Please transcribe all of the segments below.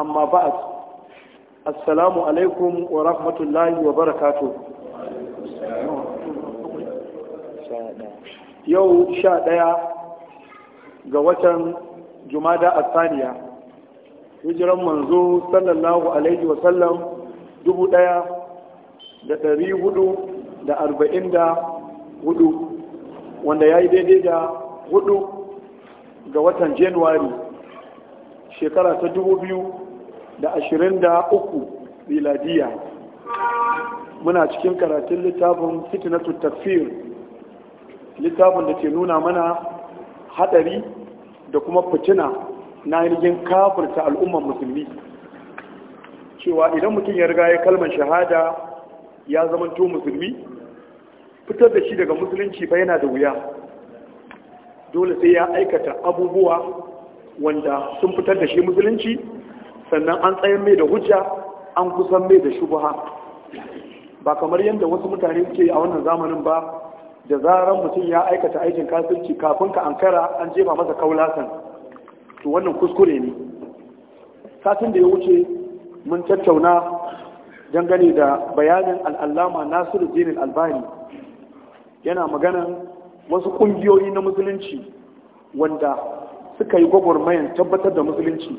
amma ba'ad assalamu alaikum wa rahmatullahi wa barakatu yau sha ɗaya ga watan jumada a saniya hijiran manzo sallallahu alaihi wa sallam dubu daya da ɗari hudu da arba'in da hudu wanda ya yi daidai da hudu ga watan januwari shekara ta dubu biyu da ashirin da uku miladiya muna cikin karatun littafin fitnatu tafiyar, littafin da ke nuna mana hadari da kuma fitina na yanayin kafirta al'ummar musulmi cewa idan mutum ya riga ya kalmar shahada ya zamanto musulmi fitar da shi daga musulunci fa yana da wuya dole sai ya aikata abubuwa wanda sun fitar da shi musulunci sannan an tsayo mai da hujja an kusan mai da shubuha ba kamar yadda wasu mutane suke a wannan zamanin ba da zarar mutum ya aikata aikin kasirci kafin ka ankara an jefa masa kaulasan to wannan kuskure ne satin da ya wuce mun tattauna dangane da bayanin al'allama nasiru jinin albani yana maganan wasu ƙungiyoyi na musulunci wanda suka yi gwagwarmayan tabbatar da musulunci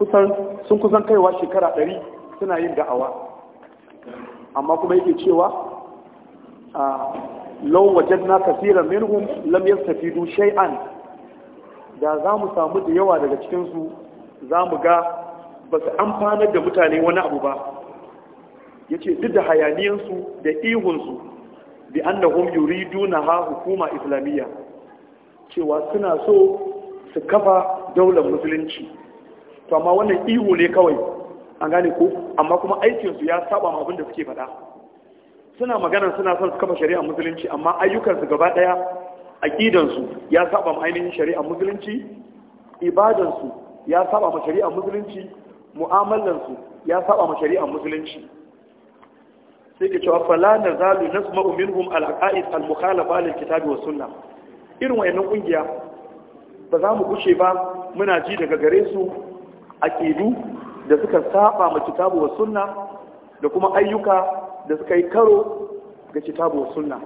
kusan sun kusan kaiwa shekara ɗari suna yin da'awa amma kuma yake cewa a lau wajen na kafiran minhum lam yastafidu shay'an da za mu samu da yawa daga cikinsu za mu ga ba su amfanar da mutane wani abu ba ya ce duk da hayaniyansu da ihunsu bi annahum duna ha hukuma islamiyya cewa suna so su kafa daular musulunci to amma wannan ihu ne kawai an gane ko amma kuma aikinsu ya saba ma abin da suke faɗa suna magana suna son su kafa shari'a musulunci amma ayyukansu gaba ɗaya aƙidansu ya saba ma ainihin shari'a musulunci ibadansu ya saba ma shari'a musulunci mu'amalansu ya saba ma shari'a musulunci sai ke cewa fala na zalu na su ma'uminhum al'aqa'id al-mukhalafa lil kitabi wa sunna irin wayannan ƙungiya, ba za mu gushe ba muna ji daga gare su aƙidu da suka saba ma kitabu wa sunna da kuma ayyuka da suka yi karo ga kitabu wa sunna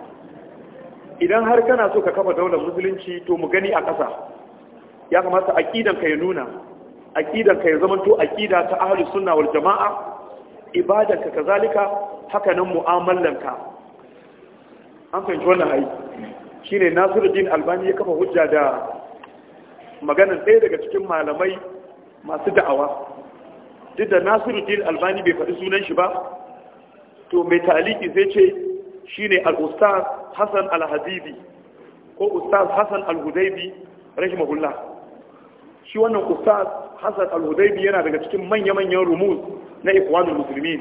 idan har kana so ka kafa daular musulunci to mu gani a ƙasa ya kamata aqidan ka ya nuna aqidan ka ya zama to ƙida ta ahlus sunna wal jamaa ibadanka ka kazalika haka nan mu'amalan ka an fahimci wannan hai shine Nasiruddin Albani ya kafa hujja da maganar ɗaya daga cikin malamai masu da'awa duk da nasiruddin albani bai faɗi sunan shi ba to mai taliki zai ce shine al-ustaz hassan al-habibi ko ustaz hassan al-hudaibi rahimahullah shi wannan ustaz hassan al-hudaibi yana daga cikin manya-manyan rumus na ikwanul musulmi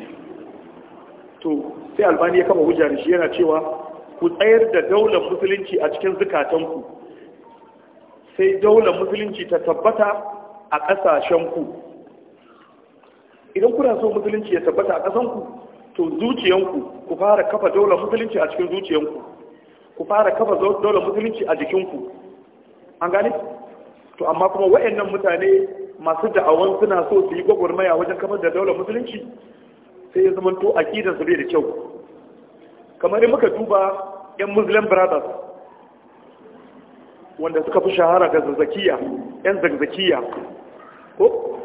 to sai albani ya kama wuja da shi yana cewa ku tsayar da daular musulunci a cikin zukatanku sai daular musulunci ta tabbata a ƙasashenku idan kuna so musulunci ya tabbata a ƙasanku to zuciyanku ku fara kafa daular musulunci a cikin zuciyanku ku fara kafa daular musulunci a jikinku an gani? to amma kuma wa'annan mutane masu da'awan suna so su yi gwagwarmaya wajen kafa da daular musulunci sai ya zama to aqidansu bai da kyau kamar muka duba yan muslim brothers wanda suka fi shahara ga zazzakiya yan zazzakiya ko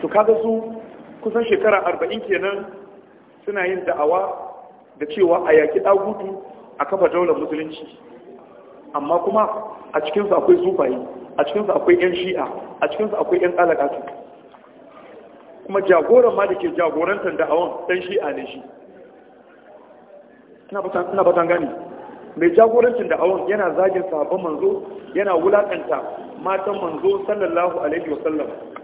su kaga su kusan shekara arba'in kenan suna yin da'awa da cewa a yaƙi ɗagutu a kafa daular musulunci amma kuma a cikinsu akwai zufayi a cikinsu akwai 'yan shi'a a cikinsu akwai 'yan tsalakatu kuma jagoran ma da ke jagorantar da'awan ɗan shi'a ne shi ina batan gani mai jagorancin da'awan yana zagin sabon manzo yana wulaƙanta matan manzo sallallahu alaihi wasallam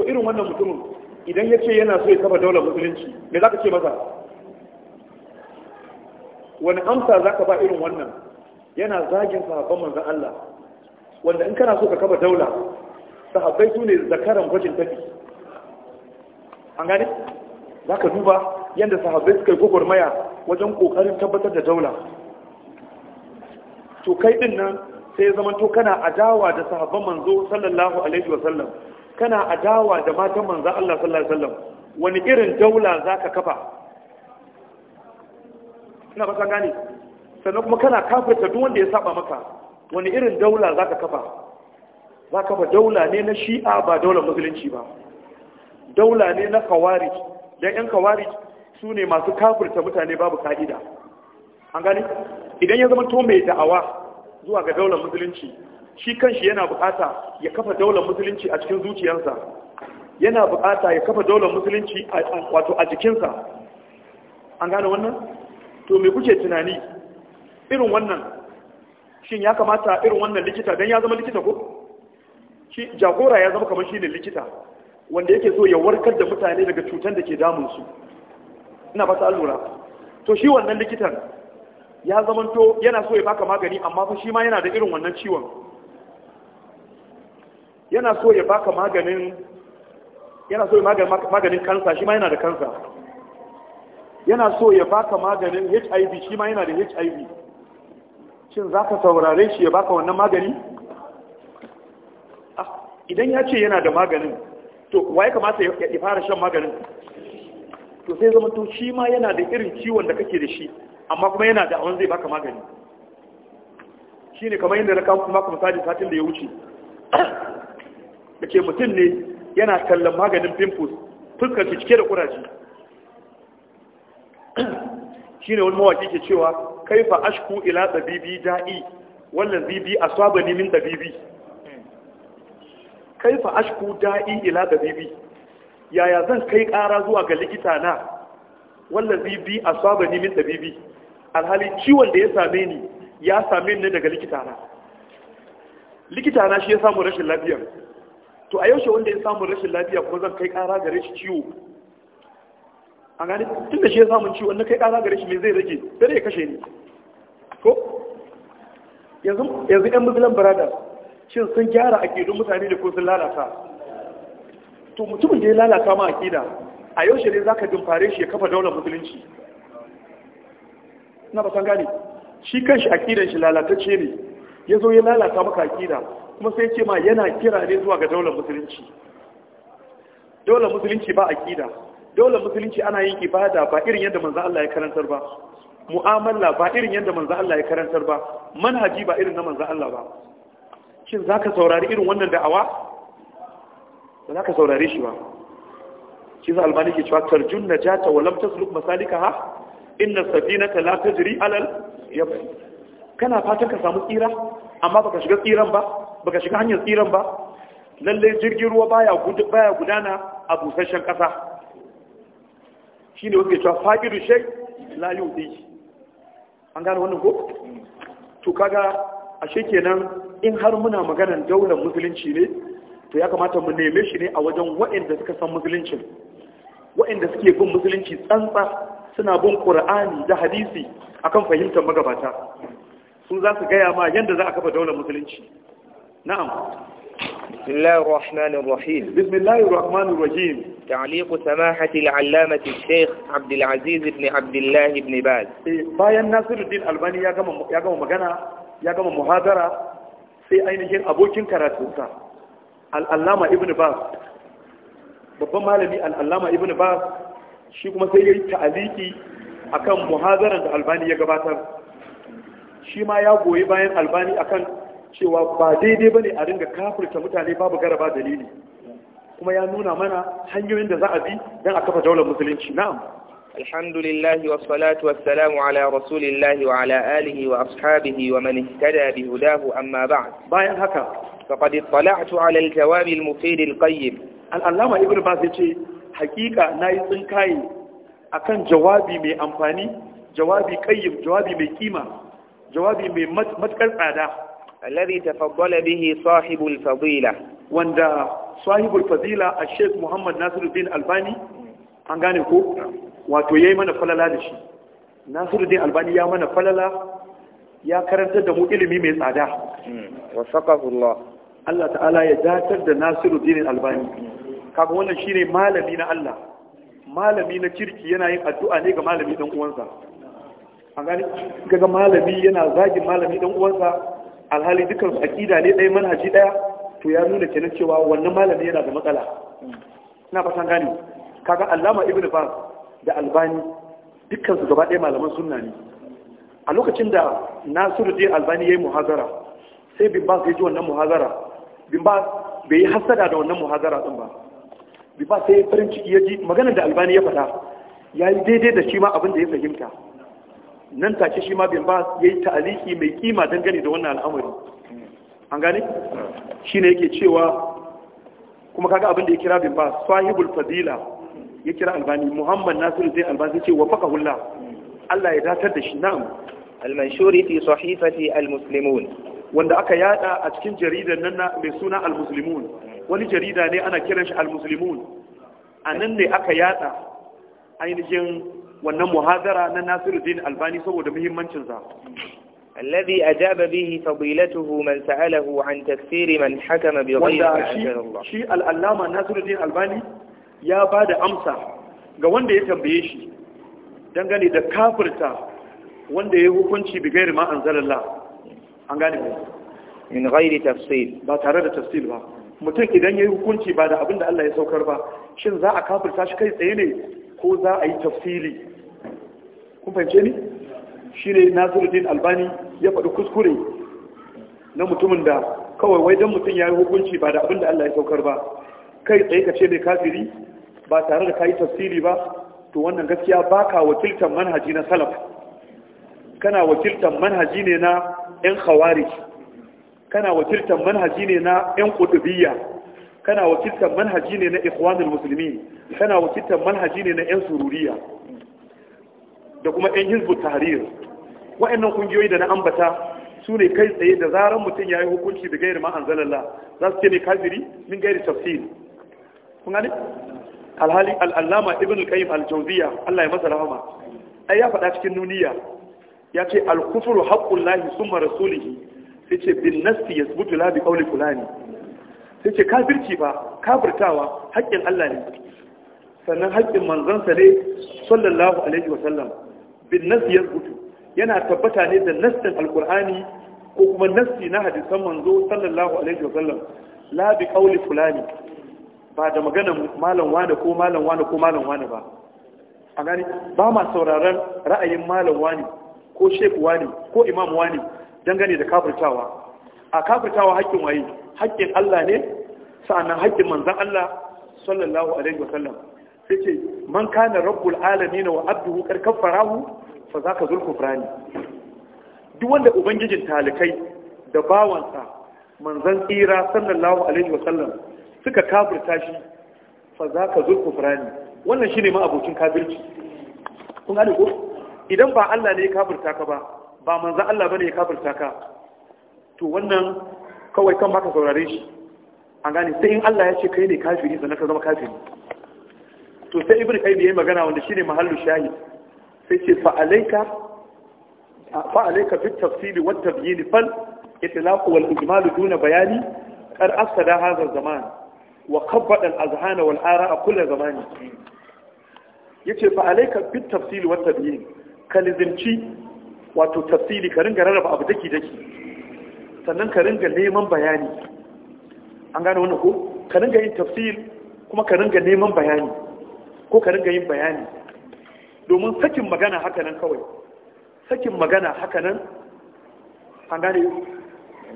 to irin wannan mutumin idan ya ce yana so ya kafa daular musulunci me za ka ce masa wani amsa za ka ba irin wannan yana zagin sahabban manzan Allah wanda in kana so ka kafa daula sahabbai su ne zakaran gwajin tafi an gane za ka duba yadda sahabbai suka yi gwagwarmaya wajen kokarin tabbatar da daula to kai din nan sai ya zama to kana adawa da sahabban manzo sallallahu alaihi wasallam kana adawa da matan manzo Allah sallallahu alaihi wasallam wani irin daula za ka kafa ina ba gani sannan kuma kana kafirta duk wanda ya saba maka wani irin daula za ka kafa zaka kafa daula ne na shi'a ba daular musulunci ba daula ne na khawarij dan yan khawarij sune masu kafirta mutane babu ka'ida an gani idan ya zama to mai da'awa zuwa ga daular musulunci shi kanshi yana bukata ya kafa daular musulunci a cikin zuciyarsa yana bukata ya kafa daular musulunci wato a jikinsa an gane wannan to me kuke tunani irin wannan shin ya kamata irin wannan likita don ya zama likita ko shi jagora ya zama kamar shine likita wanda yake so ya warkar da mutane daga cutar da ke damun su ina ba ta allura. to shi wannan likitan ya zamanto yana so ya baka magani amma fa shi ma yana da irin wannan ciwon yana so ya baka maganin yana so ya maganin kansa shi ma yana da kansa yana so ya baka maganin HIV shi ma yana da HIV shin za ka saurare shi ya baka wannan magani ah, idan ya ce yana da maganin to wa ya kamata ya fara shan maganin to sai zama to shi ma yana da irin ciwon da kake da shi amma kuma yana da awon zai baka magani shi ne kamar yadda na kawo kuma sajin satin da ya wuce da ke mutum ne yana kallon maganin pimples fuskar shi cike da kuraci shi ne wani mawaki ke cewa kai fa ashku ila tsabibi da'i wannan zibi a saba min tsabibi kai fa ashku da'i ila tsabibi yaya zan kai kara zuwa ga likita na wannan zibi a saba min tsabibi alhali ciwon da ya same ni ya same ni daga likita na likita na shi ya samu rashin lafiyar to a yaushe wanda ya samu rashin lafiya kuma zan kai ƙara gare shi ciwo a gani tun da shi ya samu ciwo na kai ƙara gare shi mai zai rage dare ya kashe ni ko yanzu yan muslim barada shi sun gyara akidun mutane da ko sun lalata to mutumin da ya lalata ma akida a yaushe ne za zaka dumfare shi ya kafa daular musulunci na ba san gane shi kanshi akidan shi lalatacce ne ya zo ya lalata maka akida kuma sai ce ma yana kira ne zuwa ga daular musulunci daular musulunci ba aqida daular musulunci ana yin ibada ba irin yadda manzo Allah ya karantar ba mu'amala ba irin yadda manzo Allah ya karantar ba manhaji ba irin na manzo Allah ba shin zaka saurari irin wannan da'awa ba zaka saurare shi ba shi sa albani ke cewa tarjun najata wa lam tasluk masalikaha inna safinata la tajri alal kana fatan ka samu tsira amma baka shiga tsiran ba baka shiga hanyar tsiran ba lalle jirgin ruwa baya baya gudana a busasshen kasa shine wanda ya cewa faqidu shek, la yudi an gane wannan ko to kaga ashe kenan in har muna maganar daular musulunci ne to ya kamata mu neme shi ne a wajen waɗanda suka san musuluncin waɗanda suke bin musulunci tsantsa suna bin ƙur'ani da hadisi akan fahimtar magabata sun za su gaya ma yadda za a kafa daular musulunci نعم بسم الله الرحمن الرحيم بسم الله الرحمن الرحيم تعليق سماحة العلامة الشيخ عبد العزيز بن عبد الله بن باز bayan Nasiruddin Albani ya gama magana ya gama muhadara sai ainihin abokin karatunsa al-Allama Ibn Baz babban malami al-Allama Ibn Baz shi kuma sai yayi ta'aliki akan muhadaran da Albani ya gabatar shi ma ya goyi bayan Albani akan cewa ba daidai ba ne a ringa kafirta mutane babu garaba dalili kuma ya nuna mana hanyoyin da za a bi don a kafa daular musulunci na'am alhamdulillahi wa salatu wa salamu ala rasulillahi wa ala alihi wa ashabihi wa man ihtada bi hudahu amma ba'd bayan haka faqad ittala'tu ala al-jawab al-mufid al-qayyim al-allama ibn baz yace hakika nayi tsinkaye akan jawabi mai amfani jawabi qayyim jawabi mai kima jawabi mai matkar tsada alladhi tafaddala bihi sahibul fadila wanda sahibul fadila a sheikh muhammad nasiruddin albani an gane ko wato yayi mana falala da shi nasiruddin albani ya mana falala ya karantar da mu ilimi mai tsada hmm. wa saqahullah Allah ta'ala ya datar da nasiruddin albani hmm. kaga wannan shine malami na Allah malami na kirki yana yin addu'a ne ga malami dan uwansa an gane kaga malami yana zagin malami dan uwansa alhali dukkan su akida ne ɗaya manhaji ɗaya to ya nuna kenan cewa wannan malami yana da matsala ina fatan gani kaga allama Ibn baz da albani dukkan su gaba ɗaya malaman sunna ne a lokacin da nasiruddin albani ya yi muhazara sai bin baz ya ji wannan muhazara bin baz bai yi hasada da wannan muhazara ɗin ba bin baz sai farin ciki ya ji maganar da albani ya faɗa ya yi daidai da shi ma abin da ya fahimta nan take shi ma bin ba yi ta'aliki mai kima dangane da wannan al'amari an gane shine yake cewa kuma kaga abin da ya kira bin ba sahibul fadila ya kira albani muhammad Nasiru zai albani ce wa faqahullah Allah ya datar da shi na'am al-manshuri fi sahifati al-muslimun wanda aka yada a cikin jaridar nan mai suna al-muslimun wani jarida ne ana kiran shi al-muslimun nan ne aka yada ainihin wannan muhadara na Nasiruddin Albani saboda muhimmancin sa alladhi ajaba bihi fadilatuhu man sa'alahu an tafsir man hakama bi ghayri Allah shi al-allama Nasiruddin Albani ya bada amsa ga wanda ya tambaye shi dangane da kafirta wanda ya hukunci bi ghairi ma anzalallah an gane ko min ghairi tafsir. ba tare da tafsir ba mutum idan ya yi hukunci ba da abin da Allah ya saukar ba shin za a kafirta shi kai tsaye ne ko za a yi tafsiri? kun fahimce ni shi ne din albani ya faɗi kuskure na mutumin da kawai wai don mutum ya yi hukunci ba da abin da allah ya saukar ba kai tsaye ka ce mai kafiri ba tare da kayi tafsiri ba to wannan gaskiya ba ka wakiltar manhaji na salaf kana wakiltar manhaji ne na 'yan khawari kana wakiltar manhaji ne na 'yan kudubiyya kana wakiltar manhaji ne na ikhwanul musulmi kana wakiltar manhaji ne na 'yan sururiya da kuma yan hizbut tahrir wa'annan kungiyoyi da na ambata su ne kai tsaye da zarar mutum ya yi hukunci da gairi ma'an zalalla za su ce ne kafiri min gairi tafsir kun gane alhali al'allama ibn al-qayyim al-jawziya Allah ya masa rahama ai ya faɗa cikin nuniya ya ce al-kufru lahi summa rasulihi sai ce bin nasti yasbutu la bi qawli fulani sai ce kafirci ba kafirtawa haƙƙin Allah ne sannan haƙƙin manzansa ne sallallahu alaihi wa sallam bin nasi yazbutu yana tabbata ne da nassin alkur'ani ko kuma nassi na hadisan manzo sallallahu alaihi wasallam la bi qawli fulani ba da magana malam wani ko malam wani ko malam wani ba a gani ba ma sauraron ra'ayin malam wani ko sheik wani ko imam wani dangane da kafirtawa a kafirtawa haƙƙin waye haƙƙin Allah ne sa'annan haƙƙin manzon Allah sallallahu alaihi wasallam ce man kana rabbul alamin wa abduhu kar kaffarahu fa zaka zul kufrani duk wanda ubangijin talikai da bawansa manzon tsira sallallahu alaihi wasallam suka kafirta shi fa zaka zul birane. wannan shine ma abokin kafirci kun gane ko idan ba Allah ne ya kafirta ka ba ba manzan Allah bane ya kafirta ka to wannan kawai kan baka saurare shi an gane sai in Allah ya ce kai ne kafiri sannan ka zama kafiri to sai ibn qayyim yayi magana wanda shine mahallu shahid sai ce fa alayka fa alayka fi tafsir wa tabyin fal itlaq wal ijmal duna bayani qad afsada hadha zaman wa qabbada al azhana wal ara'a kull zamani yace fa alayka fi tafsir wa tabyin kalizimci wato tafsiri ka ringa rarraba abu daki daki sannan ka ringa neman bayani an gane wannan ko ka ringa yin tafsir kuma ka ringa neman bayani ko ka ringa yin bayani domin sakin magana hakanan kawai sakin magana hakanan an gane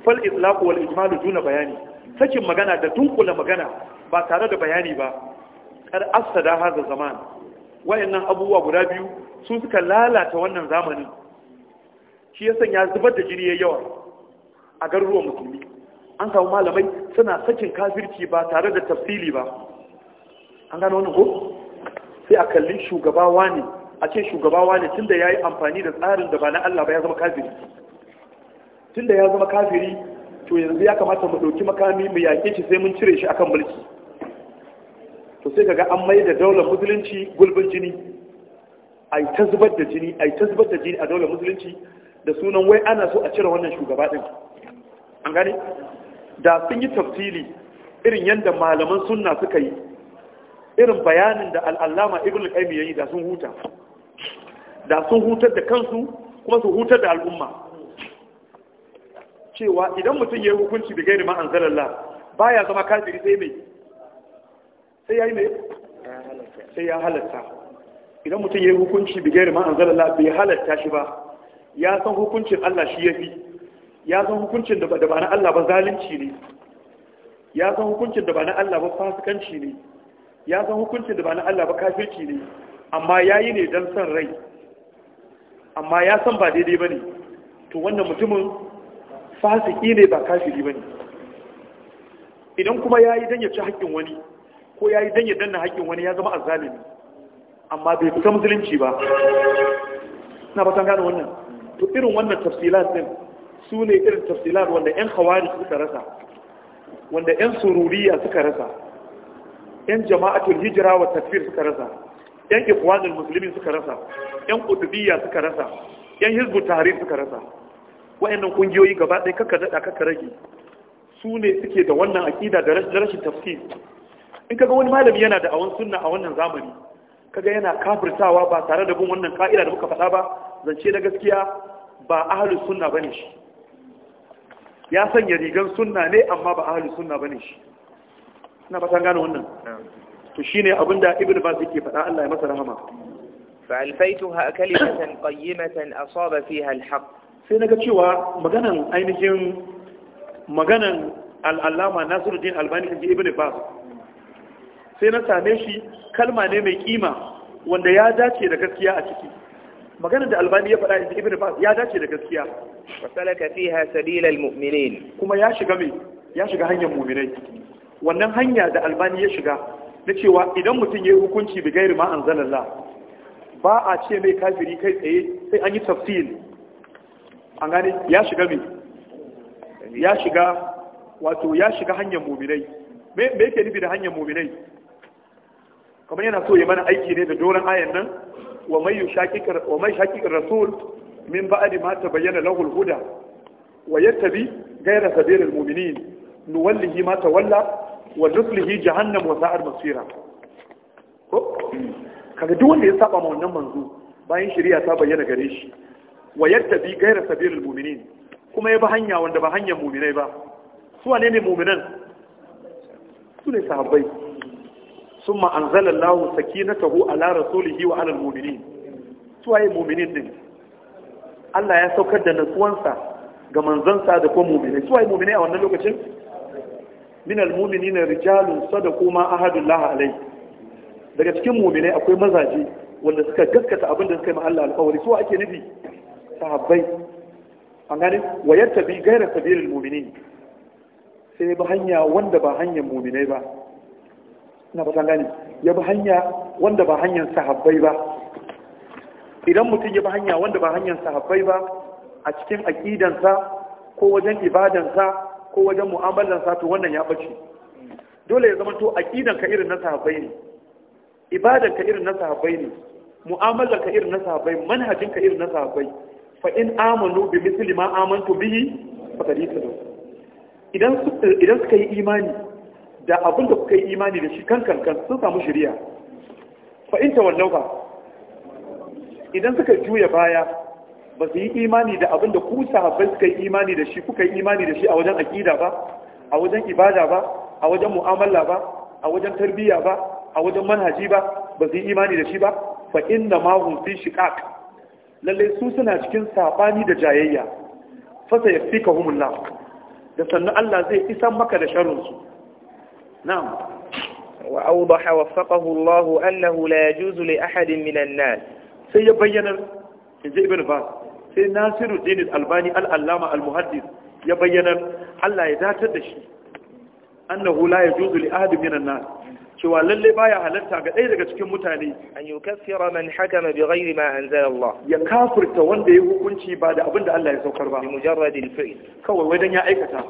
fal islaqu wal ijmalu duna bayani sakin magana da dunkula magana ba tare da bayani ba kar asada haza zaman wayannan abubuwa guda biyu sun suka lalata wannan zamanin shi ya sanya zubar da jini yayi yawa a garuruwan musulmi an samu malamai suna sakin kafirci ba tare da tafsili ba an gano wannan ko sai a kalli shugabawa ne a ce shugabawa ne da ya yi amfani da tsarin da ba na Allah ba ya zama kafiri tunda ya zama kafiri to yanzu ya kamata mu ɗauki makami mu yake shi sai mun cire shi akan mulki to sai kaga an mai da daular musulunci gulbin jini a yi ta da jini a yi ta da jini a daular musulunci da sunan wai ana so a cire wannan shugaba din. an gane da sun yi tafsili irin yadda malaman sunna suka yi irin bayanin da al'allama ibn al’aimi ya yi da sun huta da sun hutar da kansu kuma su hutar da al'umma cewa idan mutum ya yi hukunci da gairi ma'an zalalla ba ya zama kafiri sai mai sai ya yi mai sai ya halatta idan mutum ya yi hukunci da gairi ma'an zalalla bai halatta shi ba ya san hukuncin Allah shi ya fi ya san hukuncin da ba na Allah ba zalunci ne ya san hukuncin da ba na Allah ba fasikanci ne ya san hukuncin da ba na Allah ba kafirci ne amma ya yi ne don son rai amma ya san ba daidai ba ne to wannan mutumin fasiki ne ba kafiri ba ne idan kuma ya yi don ya ci haƙƙin wani ko ya yi don ya danna haƙƙin wani ya zama azalimi, amma bai fi fita musulunci ba na ba san gane wannan to irin wannan tafsilan din su ne irin tafsilan wanda 'yan hawari suka rasa wanda 'yan sururiya suka rasa yan jama'atul hijira wa takfir suka rasa yan ikwanul muslimin suka rasa yan qutubiyya suka rasa yan hizbut tahrir suka rasa wayannan kungiyoyi gaba ɗaya kaka dada kaka rage su ne suke da wannan aƙida da rashin tafsir in kaga wani malami yana da awon sunna a wannan zamani kaga yana kafirtawa ba tare da bin wannan ka'ida da muka faɗa ba zance na gaskiya ba ahlus sunna bane shi ya sanya rigan sunna ne amma ba ahlus sunna bane shi ina fatan gane wannan to shine abinda ibnu bas yake faɗa Allah ya masa rahama fa alfaituha kalimatan qayyimatan asaba fiha alhaq sai naga cewa maganan ainihin maganan al-allama Nasiruddin Albani kan ibnu bas sai na same shi kalma ne mai kima wanda ya dace da gaskiya a ciki maganar da albani ya faɗa da ibn bas ya dace da gaskiya wa salaka fiha sabila almu'minin kuma ya shiga mai ya shiga hanyar mu'minai wannan hanya da albani ya shiga na cewa idan mutum ya yi hukunci bi gairi ma anzalalla ba a ce mai kafiri kai tsaye sai an yi tafsil an gane ya shiga mai ya shiga wato ya shiga hanyar muminai me yake nufi da hanyar muminai kamar yana so ya mana aiki ne da doron ayan nan wa mai shakikar rasul min ba'di ma tabayyana bayyana huda wa yattabi ghayra sabilil mu'minin nuwallihi ma walla. wa nuflihi jahannam wa sa'ar masira ko kaga duk wanda ya saba ma wannan manzo bayan shari'a ta bayyana gare shi wa yattabi ghayra sabilil mu'minin kuma ya bi hanya wanda ba hanyar mu'minai ba su wane ne mu'minan su ne sahabbai summa anzala Allah sakinatahu ala rasulihi wa ala al-mu'minin su waye mu'minin din Allah ya saukar da sa, ga manzansa da kuma mu'minai su waye mu'minai a wannan lokacin min almu'minina rijalun sadaqu ma ahadullah alai daga cikin mu'minai akwai mazaje wanda suka gaskata abin da suka yi ma Allah alƙawari su ake nufi sahabbai an gane wa bi ghayra sabilil mu'minin sai ya ba hanya wanda ba hanyar mu'minai ba Na ba san gane ya ba hanya wanda ba hanyar sahabbai ba idan mutum ya ba hanya wanda ba hanyar sahabbai ba a cikin aqidansa ko wajen ibadansa ko wajen mu'amalar sato wannan ya bace dole ya zama to aqidan ka irin na sahabbai ne ibadan ka irin na sahabbai ne mu'amalar ka irin na sahabbai manhajin ka irin na sahabbai fa in amanu bi misli ma amantu bihi faqad ihtadaw idan idan suka yi imani da abin da kuka yi imani da shi kan kankan sun samu shari'a fa in tawallau idan suka juya baya ba su yi imani da abin da ku sahabbai suka yi imani da shi kuka yi imani da shi a wajen aƙida ba a wajen ibada ba a wajen mu'amala ba a wajen tarbiyya ba a wajen manhaji ba ba su yi imani da shi ba fa inna ma hum fi shiqaq lalle su suna cikin sabani da jayayya fa sayfikahumullah da sannan Allah zai isa maka da sharrin su na'am wa awdaha waffaqahu Allah annahu la yajuzu li ahadin minan nas sai ya bayyana inji ibn Bas sai nasiru dinin albani al'allama al-muhaddis ya bayyana allah ya datar da shi annahu la juzu li ahadin minan na cewa lalle baya halarta ga ɗaya daga cikin mutane an yukaffira man na bi ghairi ma an zai Allah ya kafurta wanda ya hukunci ba da da Allah ya saukar ba bi mujarrad kawai wajen ya aikata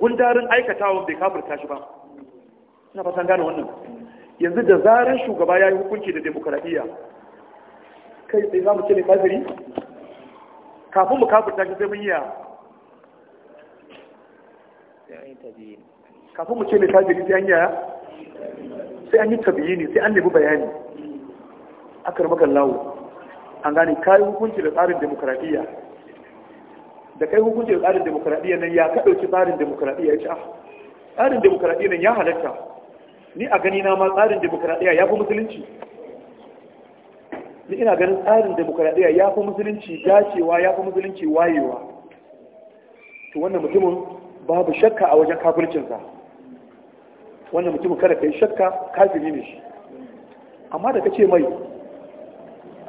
gundarin aikatawa bai kafirta shi ba ina fatan gane wannan yanzu da zarar shugaba ya yi hukunci da demokradiyya kai sai za mu ce ne kafiri kafin mu kafin tashi sai mun yi kafin mu ce mai tajiri sai an yaya sai an yi ne sai an nemi bayani aka rubuka lawo an gane kayan hukunci da tsarin demokuraɗiyya da kai hukunci da tsarin demokuraɗiyya nan ya ka tsarin demokuraɗiyya ya ci ah tsarin demokuraɗiyya nan ya halatta ni a gani na ma tsarin demokuraɗiyya ya fi musulunci ni ina ganin tsarin demokradiyya ya fi musulunci dacewa ya fi musulunci wayewa to wannan mutumin babu shakka a wajen kafircinsa wannan mutumin kada ka yi shakka kafiri ne shi amma da ka ce mai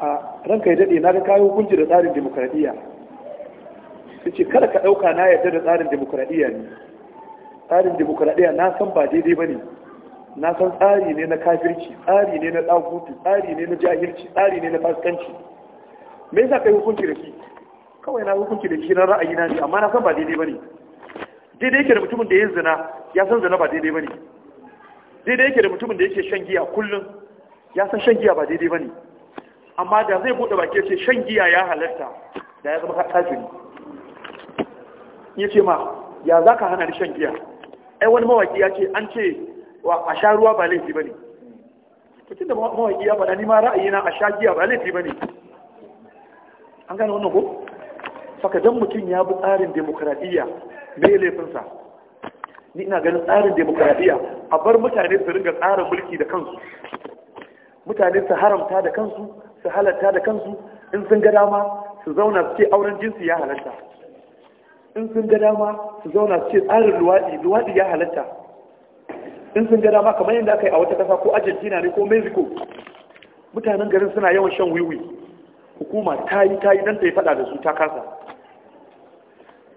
a ranka ya daɗe na ga kayan hukunci da tsarin demokradiyya su ce kada ka ɗauka na yarda da tsarin demokradiyya ne tsarin demokradiyya na san ba daidai ba ne na san tsari ne na kafirci tsari ne na ɗagutu tsari ne na jahilci tsari ne na fasikanci me yasa kai hukunci da shi kawai na hukunci da shi na ra'ayi na ne amma na san ba daidai bane daidai yake da mutumin da ya zina ya san zina ba daidai bane daidai yake da mutumin da yake shan giya kullum ya san shan giya ba daidai bane amma da zai bude baki ce shan giya ya halarta da ya zama kafiri yace ma ya zaka hana ni shan giya ai wani mawaki ya ce an ce a sha ruwa ba laifi ba ne tun da mawaki ya faɗa ni ma ra'ayina a sha giya ba laifi ba ne an gane wannan ko saka dan mutum ya bi tsarin demokradiyya me laifinsa ni ina ganin tsarin demokradiyya a bar mutane su ringa tsara mulki da kansu mutane su haramta da kansu su halatta da kansu in sun ga dama su zauna su ce auren jinsi ya halatta in sun ga dama su zauna su ce tsarin luwaɗi luwaɗi ya halatta in sun ga dama kamar yadda aka yi a wata kasa ko argentina ne ko mexico mutanen garin suna yawan shan wiwi hukuma ta yi ta yi nan ta yi fada da su ta kasa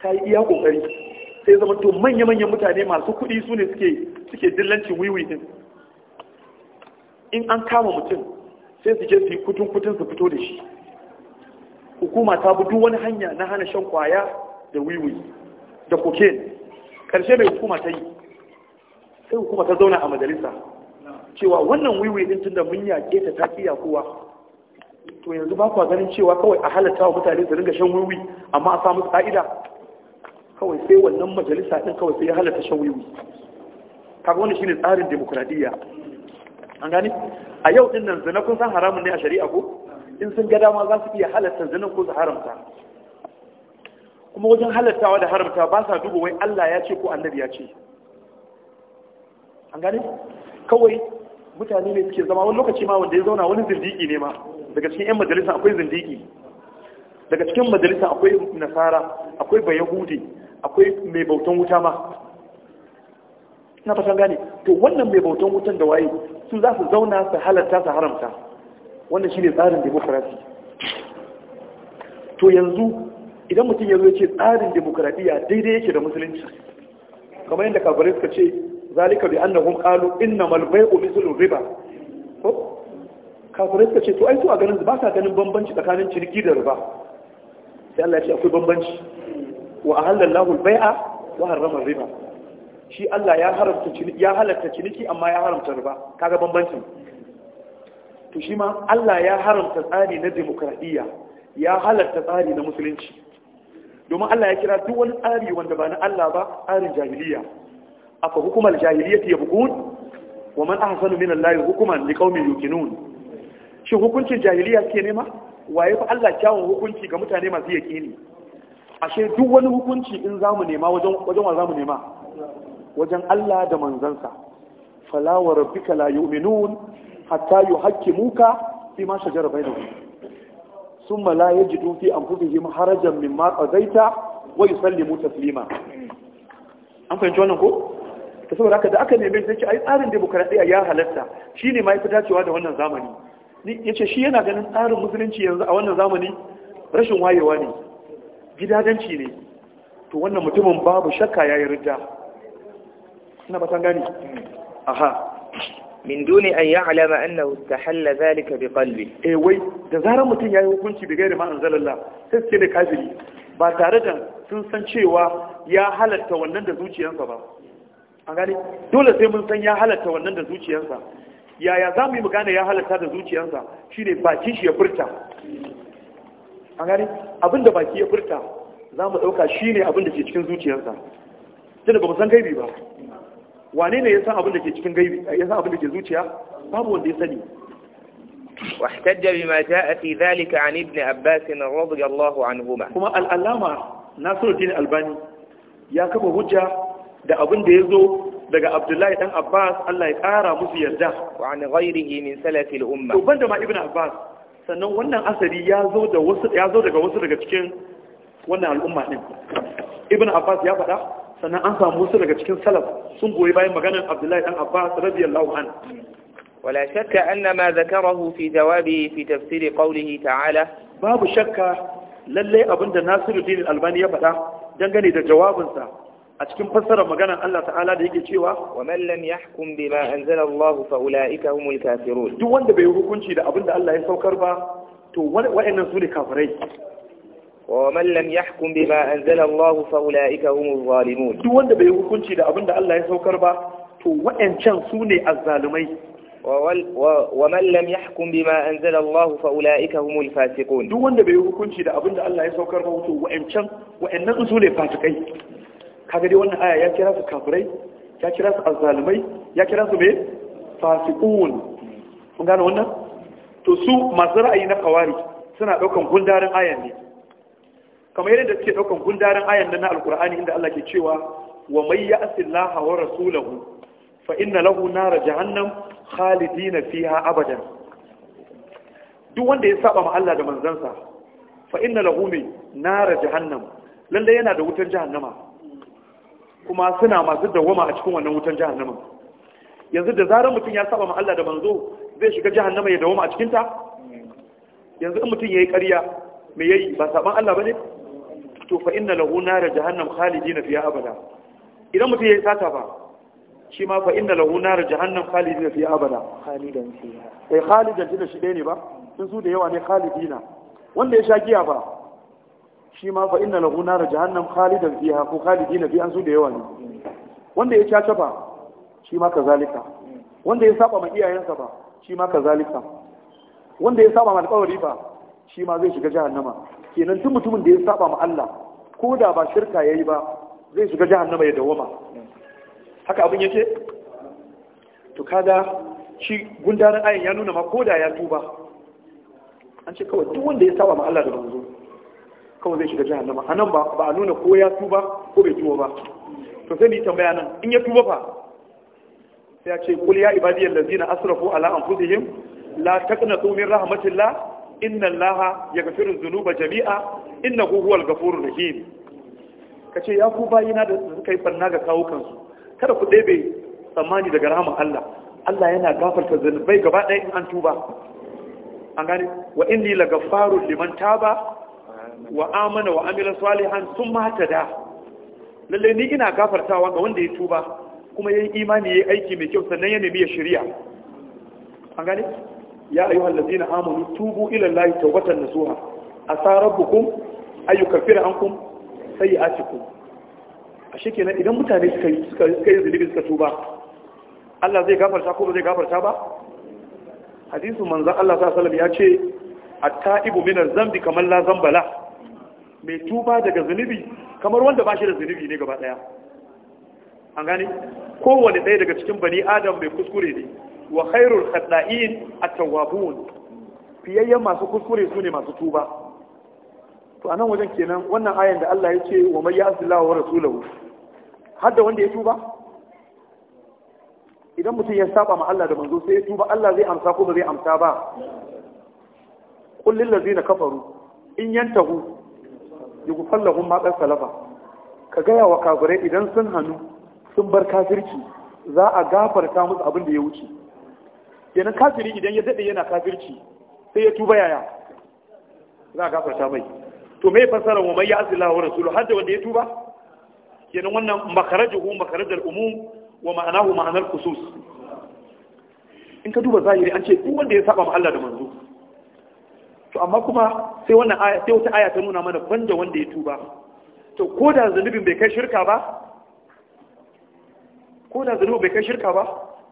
ta yi iya kokari sai zama to manya-manyan mutane masu kuɗi su ne suke suke dillancin wiwi din in an kama mutum sai su je su kutun kutun su fito da shi hukuma ta bi duk wani hanya na hana shan kwaya da wiwi da cocaine karshe mai hukuma ta yi sai kuma ta zauna a majalisa cewa wannan wiwi din tunda mun yaƙe ta taki kowa to yanzu ba kwa ganin cewa kawai a halatta wa mutane su ringa shan wiwi amma a samu ka'ida kawai sai wannan majalisa din kawai sai ya halatta shan wiwi kaga wannan shine tsarin demokradiya an gani a yau din nan zina kun san haramun ne a shari'a ko in sun ga dama za su iya halatta zina ko su haramta kuma wajen halattawa da haramta ba sa duba wai Allah ya ce ko annabi ya ce an gane kawai mutane ne suke zama wani lokaci ma wanda ya zauna wani zindiki ne ma daga cikin 'yan majalisa akwai zindiki daga cikin majalisa akwai nasara akwai bayahudi akwai mai bautan wuta ma na fatan gane to wannan mai bautan wutan da waye su za su zauna su halatta su haramta wannan shine tsarin demokrasi to yanzu idan mutum ya zo ya ce tsarin demokradiyya daidai yake da musulunci kamar yadda kabarai suka ce zalika bi annahum qalu innamal bay'u mithlu riba ko kafirai suka ce to ai to a ganin ba sa ganin bambanci tsakanin ciniki da riba sai Allah ya ce akwai bambanci wa ahallallahu al-bai'a wa harrama riba shi Allah ya haramta ciniki amma ya haramta kaga bambancin to shi ma Allah ya haramta tsari na demokradiyya ya halatta tsari na musulunci domin Allah ya kira duk wani tsari wanda ba na Allah ba tsarin jahiliya afa hukumar jahiliyyati yabghun wa man ahsanu min Allah hukuman liqaumin yuqinun shi hukuncin jahiliya suke nema waye fa Allah kyawun hukunci ga mutane masu yaqini ashe duk wani hukunci in zamu nema wajen wajen wa zamu nema wajen Allah da manzansa fala wa rabbika la yu'minun hatta yuhaqqimuka fi ma shajara bainahum thumma la yajidu fi anfusihim harajan mimma qadaita wa yusallimu taslima an fahimci wannan ko ta saboda haka da aka neme sai ce ai tsarin demokradiyya ya halatta shine ma fita cewa da wannan zamani ya ce shi yana ganin tsarin musulunci yanzu a wannan zamani rashin wayewa ne gidadanci ne to wannan mutumin babu shakka ya yi rida ina batan gani aha min duni an ya'lama annahu tahalla zalika bi qalbi eh wai da zarar mutum yayi hukunci bi gairi ma zalalla sai suke da kafiri ba tare da sun san cewa ya halatta wannan da zuciyarsa ba an gane dole sai mun san ya halatta wannan da zuciyarsa yaya za mu yi magana ya halatta da zuciyarsa ne bakin shi ya furta an gane abin da baki ya furta za mu ɗauka shi ne abinda ke cikin zuciyarsa tunda ba mu san gaibi ba wane ne ya san abin da ke cikin gaibi ya san abin da ke zuciya babu wanda ya sani واحتج بما جاء في ذلك عن ابن عباس رضي الله عنهما كما الألامة ناصر الدين الباني يا كبه هجة da abin da ya zo daga abdullahi dan abbas allah ya kara musu yarda wa an ghairihi min salafil umma to banda ma ibnu abbas sannan wannan asari ya zo da wasu ya zo daga wasu daga cikin wannan al'umma din ibnu abbas ya faɗa sannan an samu wasu daga cikin salaf sun goyi bayan maganar abdullahi dan abbas radiyallahu anhu ولا شك أن ما ذكره في جوابه في تفسير قوله تعالى باب شك للي أبند ناصر الدين الألباني يبدأ دنغني da jawabinsa. a cikin fassarar maganar Allah ta'ala da yake cewa wa man lam yahkum bima anzala Allah fa ulaika humul kafirun duk wanda bai hukunci da abinda Allah ya saukar ba to wa'annan su ne kafirai wa man lam yahkum bima anzala Allah fa ulaika humul zalimun duk wanda bai hukunci da abinda Allah ya saukar ba to wa'ancan su ne azzalumai ومن لم يحكم بما أنزل الله فأولئك هم الفاسقون دون ده بيقول كنشي ده أبن الله يسوكر موتو وإن شان وإن نقصوا لفاسقين kaga dai wannan aya ya kira su kafirai ya kira su azzalumai ya kira su me fasiqun kun gane wannan to su masu ra'ayi na kawari suna daukan gundarin ayan ne kamar yadda suke daukan gundarin ayan nan na alqur'ani inda Allah ke cewa wa may ya'si wa rasulahu fa inna lahu nar jahannam khalidina fiha abadan duk wanda ya saba ma Allah da manzansa fa inna lahu nar jahannam lalle yana da wutar jahannama kuma suna masu dawama a cikin wannan wutan jahannama yanzu da zarar mutum ya saba ma Allah da manzo zai shiga jahannama ya dawama a cikinta? yanzu in mutum ya yi ƙarya me yayi ba saban Allah ba ne? to fa inna lahu nar jahannam khalidina fiha abada idan mutum ya yi sata ba shi ma fa inna lahu nar jahannam khalidina fiha abada khalidan fiha eh khalidan tunda shi ne ba sun su da yawa ne khalidina wanda ya sha giya ba shi ma fa inna lahu nar jahannam khalidan fiha ko khalidina fi an su da yawa ne wanda ya caca ba shi ma kazalika wanda ya saba ma iyayensa ba shi ma kazalika wanda ya saba ma alƙawari ba shi ma zai shiga jahannama kenan duk mutumin da ya saba ma Allah ko da ba shirka yayi ba zai shiga jahannama ya dawoma haka abin yake to kada shi gundarin ayin ya nuna ma ko da ya tuba an ce kawai duk wanda ya saba ma Allah da manzo kawai zai shiga jahannama a nan ba a nuna ko ya tuba ko bai tuba ba to sai ni tambaya nan in ya tuba fa sai ya ce kul ya ibadiyal ladina asrafu ala anfusihim la taqnatu min rahmatillah inna allaha yaghfiru dhunuba jami'a innahu huwal ghafurur rahim kace ya ku bayina da suka yi barna ga kawo kansu kada ku ɗebe tsammani daga rahman Allah Allah yana gafarta zunubai gaba ɗaya in an tuba an gane wa inni lagafarun liman taba wa amana wa amila salihan sun mata da lalle ni ina gafartawa ga wanda ya tuba kuma yayin imani yayin aiki mai kyau sannan ya nemi ya an gane ya ayyuhal ladina amanu tubu ila llahi tawbatan nasuha asa rabbukum ayyukaffira ankum sayi'atikum ashe na idan mutane suka yi suka yi zulubi suka tuba Allah zai gafarta ko ba zai gafarta ba hadisin manzo Allah sallallahu alaihi wasallam ya ce at-ta'ibu min az-zambi Kamal la zambala mai tuba daga zunubi kamar wanda ba shi da zunubi ne gaba daya an gane kowane ɗaya daga cikin bani adam mai kuskure ne wa khairul khata'in at-tawwabun fiyayyen masu kuskure su ne masu tuba to anan wajen kenan wannan ayan da Allah ya ce wa may ya'sillahu wa rasulahu har da wanda ya tuba idan mutum ya saba ma Allah da manzo sai ya tuba Allah zai amsa ko ba zai amsa ba kullil na kafaru in yantahu yughfar lahum matsar salafa ka gaya wa kafirai idan sun hannu sun bar kafirci za a gafarta musu abin da ya wuce kenan kafiri idan ya daɗe yana kafirci sai ya tuba yaya za a gafarta mai to mai fasara wa mai ya asila wa rasulu hadda wanda ya tuba kenan wannan makarajuhu makarajar umum wa ma'anahu ma'anar khusus in ka duba zahiri an ce duk wanda ya saba ma Allah da manzo to amma kuma sai wannan aya sai wata aya ta nuna mana banda wanda ya tuba to ko da bai kai shirka ba ko da bai kai shirka ba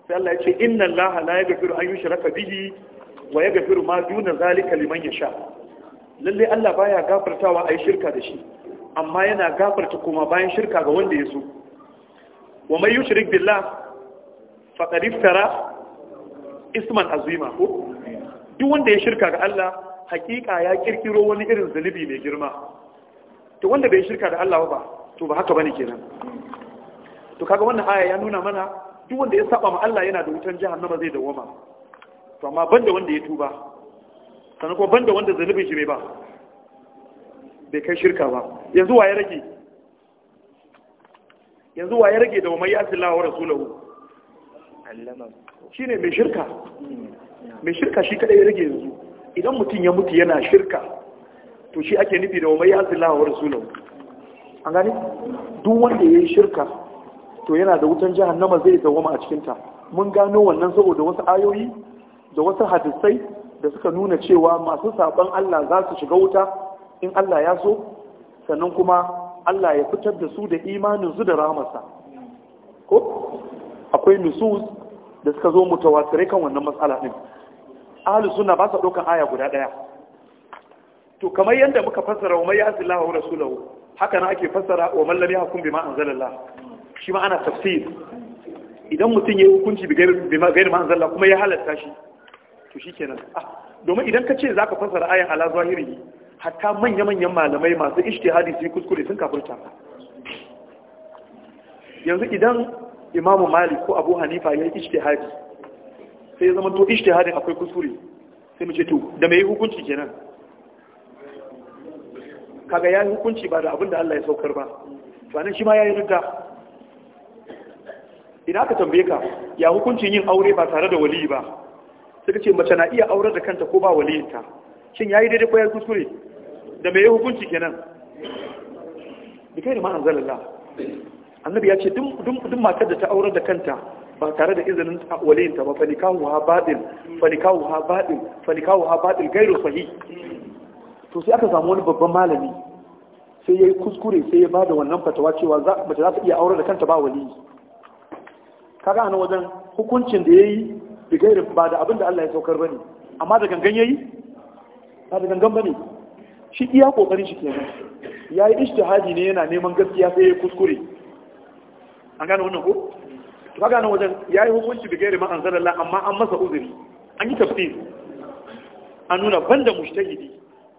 sai Allah ya ce inna Allah la yaghfiru an yushraka bihi wa yaghfiru ma duna zalika liman yasha lalle Allah baya gafartawa ai shirka da shi amma yana gafarta kuma bayan shirka ga wanda ya so wa may yushrik billah faqad iftara isman azima ko duk wanda ya shirka ga Allah hakika ya kirkiro wani irin zunubi mai girma to wanda bai shirka da Allah ba to ba haka bane kenan to kaga wannan aya ya nuna mana duk wanda ya saba ma Allah yana da wutan jahannama zai dawoma to amma banda wanda ya tuba sannan kuma banda wanda zunubin shi bai ba bai kai shirka ba yanzu waye rage yanzu waye rage da mai yasilla wa rasulahu allama shine mai shirka mai shirka shi kadai ya rage yanzu idan mutum ya mutu yana shirka to shi ake nufi da mai azillah wa an gani duk wanda ya yi shirka to yana da wutan jihar jahannama zai dawama a cikinta mun gano wannan saboda wasu ayoyi da wasu hadisai da suka nuna cewa masu saban Allah za su shiga wuta in Allah ya so sannan kuma Allah ya fitar da su da imanin su da ramarsa ko akwai nusus da suka zo mutawatirai kan wannan matsala ɗin ahalus sunna ba sa ɗaukar aya guda ɗaya to kamar yadda muka fassara wa mai ya'zillahu wa rasulahu haka na ake fassara wa man lam yahkum bima anzalallah shi ma ana tafsir idan mutum yayi hukunci bima gairi ma anzalallah kuma ya halatta shi to shikenan ah domin idan ka ce zaka fassara aya ala zahiri hatta manya-manyan malamai masu ijtihadi su kuskure sun kafirta yanzu idan imamu malik ko abu hanifa ya yi ijtihadi sai zama to hadin akwai kusuri sai mu ce to da mai hukunci kenan kaga yi hukunci ba da abin da Allah ya saukar ba to anan shi ma yayi rigga idan ka tambaye ka ya hukuncin yin aure ba tare da waliyi ba suka ce mace na iya aurar da kanta ko ba waliyinta shin yayi daidai ko yayi kusuri da mai hukunci kenan bi kai da ma anzalallah annabi ya ce dun matar da ta aurar da kanta ba tare da izinin waliyinta ba falikahu ha baɗin falikahu ha baɗin falikahu ha baɗin gairu sahi to sai aka samu wani babban malami sai ya yi kuskure sai ya bada wannan fatawa cewa mace za ta iya aure da kanta ba waliyi kaga a wajen hukuncin da ya yi da gairin ba da abin da Allah ya saukar ba ne amma da gangan ya yi ba da gangan ba ne shi iya kokarin shi kenan ya yi ishtihadi ne yana neman gaskiya sai ya kuskure an gane wannan ko to kaga nan wajen yayi hukunci da gairi ma'an zalalla amma an masa uzuri an yi tafsir an nuna banda mujtahidi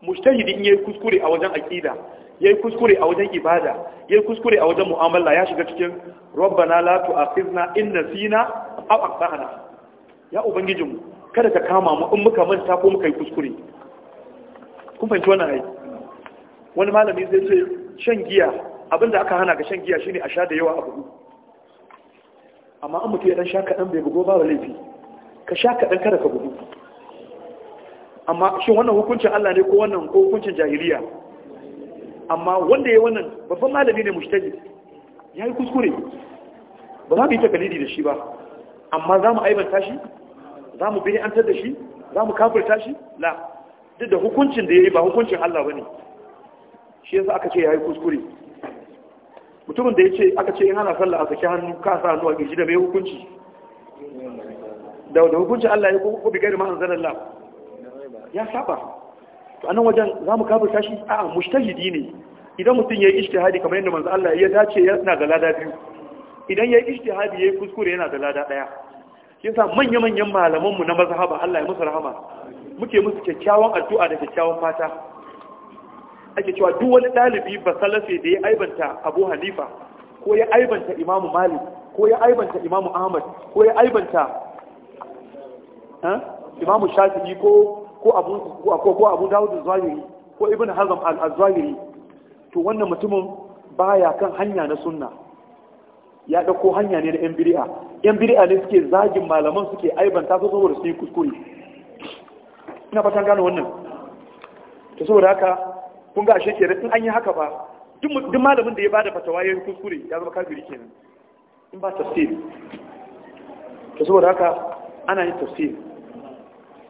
mujtahidi in yayi kuskure a wajen aqida yayi kuskure a wajen ibada yayi kuskure a wajen mu'amala ya shiga cikin rabbana la tu'akhizna in nasina aw akhtana ya ubangijinmu kada ka kama mu in muka manta ko muka yi kuskure kun fahimci wannan ai wani malami zai ce shan giya abinda aka hana ga shan giya shine a sha da yawa a bugu amma an mutu ya dan sha kaɗan bai bugo ba laifi ka sha kaɗan kada ka bugu amma shi wannan hukuncin Allah ne ko wannan ko hukuncin jahiliya amma wanda ya wannan babban malami ne mushtaji ya yi kuskure ba za mu yi takalidi da shi ba amma za mu aibanta shi za mu bi'antar da shi za mu kafirta shi la duk da hukuncin da ya yi ba hukuncin Allah ba ne shi yasa aka ce ya yi kuskure mutumin da ya ce aka ce in hana sallah a saki hannu ka sa hannu a gishi da mai hukunci da hukunci Allah ya ko bi gari ma'an zanen lab ya saba to anan wajen za mu kafin tashi a mushtahidi ne idan mutum ya yi ishtihadi kamar yadda manzo Allah ya dace na da lada biyu idan ya yi ishtihadi ya yi kuskure yana da lada ɗaya shi yasa manya-manyan malamanmu na mazhaba Allah ya musu rahama muke musu kyakkyawan addu'a da kyakkyawan fata ake cewa duk wani ɗalibi ba salafe da ya aibanta abu hanifa ko ya aibanta imamu malik ko ya aibanta imamu ahmad ko ya aibanta imamu shafi'i ko ko abu ko ko abu dawud zahiri ko Ibn hazm al-zahiri to wannan mutumin baya kan hanya na sunna ya dauko hanya ne na yan bid'a yan bid'a ne suke zagin malaman suke aibanta su saboda su yi kuskure ina fatan gano wannan to saboda haka kun ga ashe kenan in an yi haka ba duk malamin da ya bada fatawa ya yi kuskure ya zama kafiri kenan in ba tafsiri to saboda haka ana yin tafsiri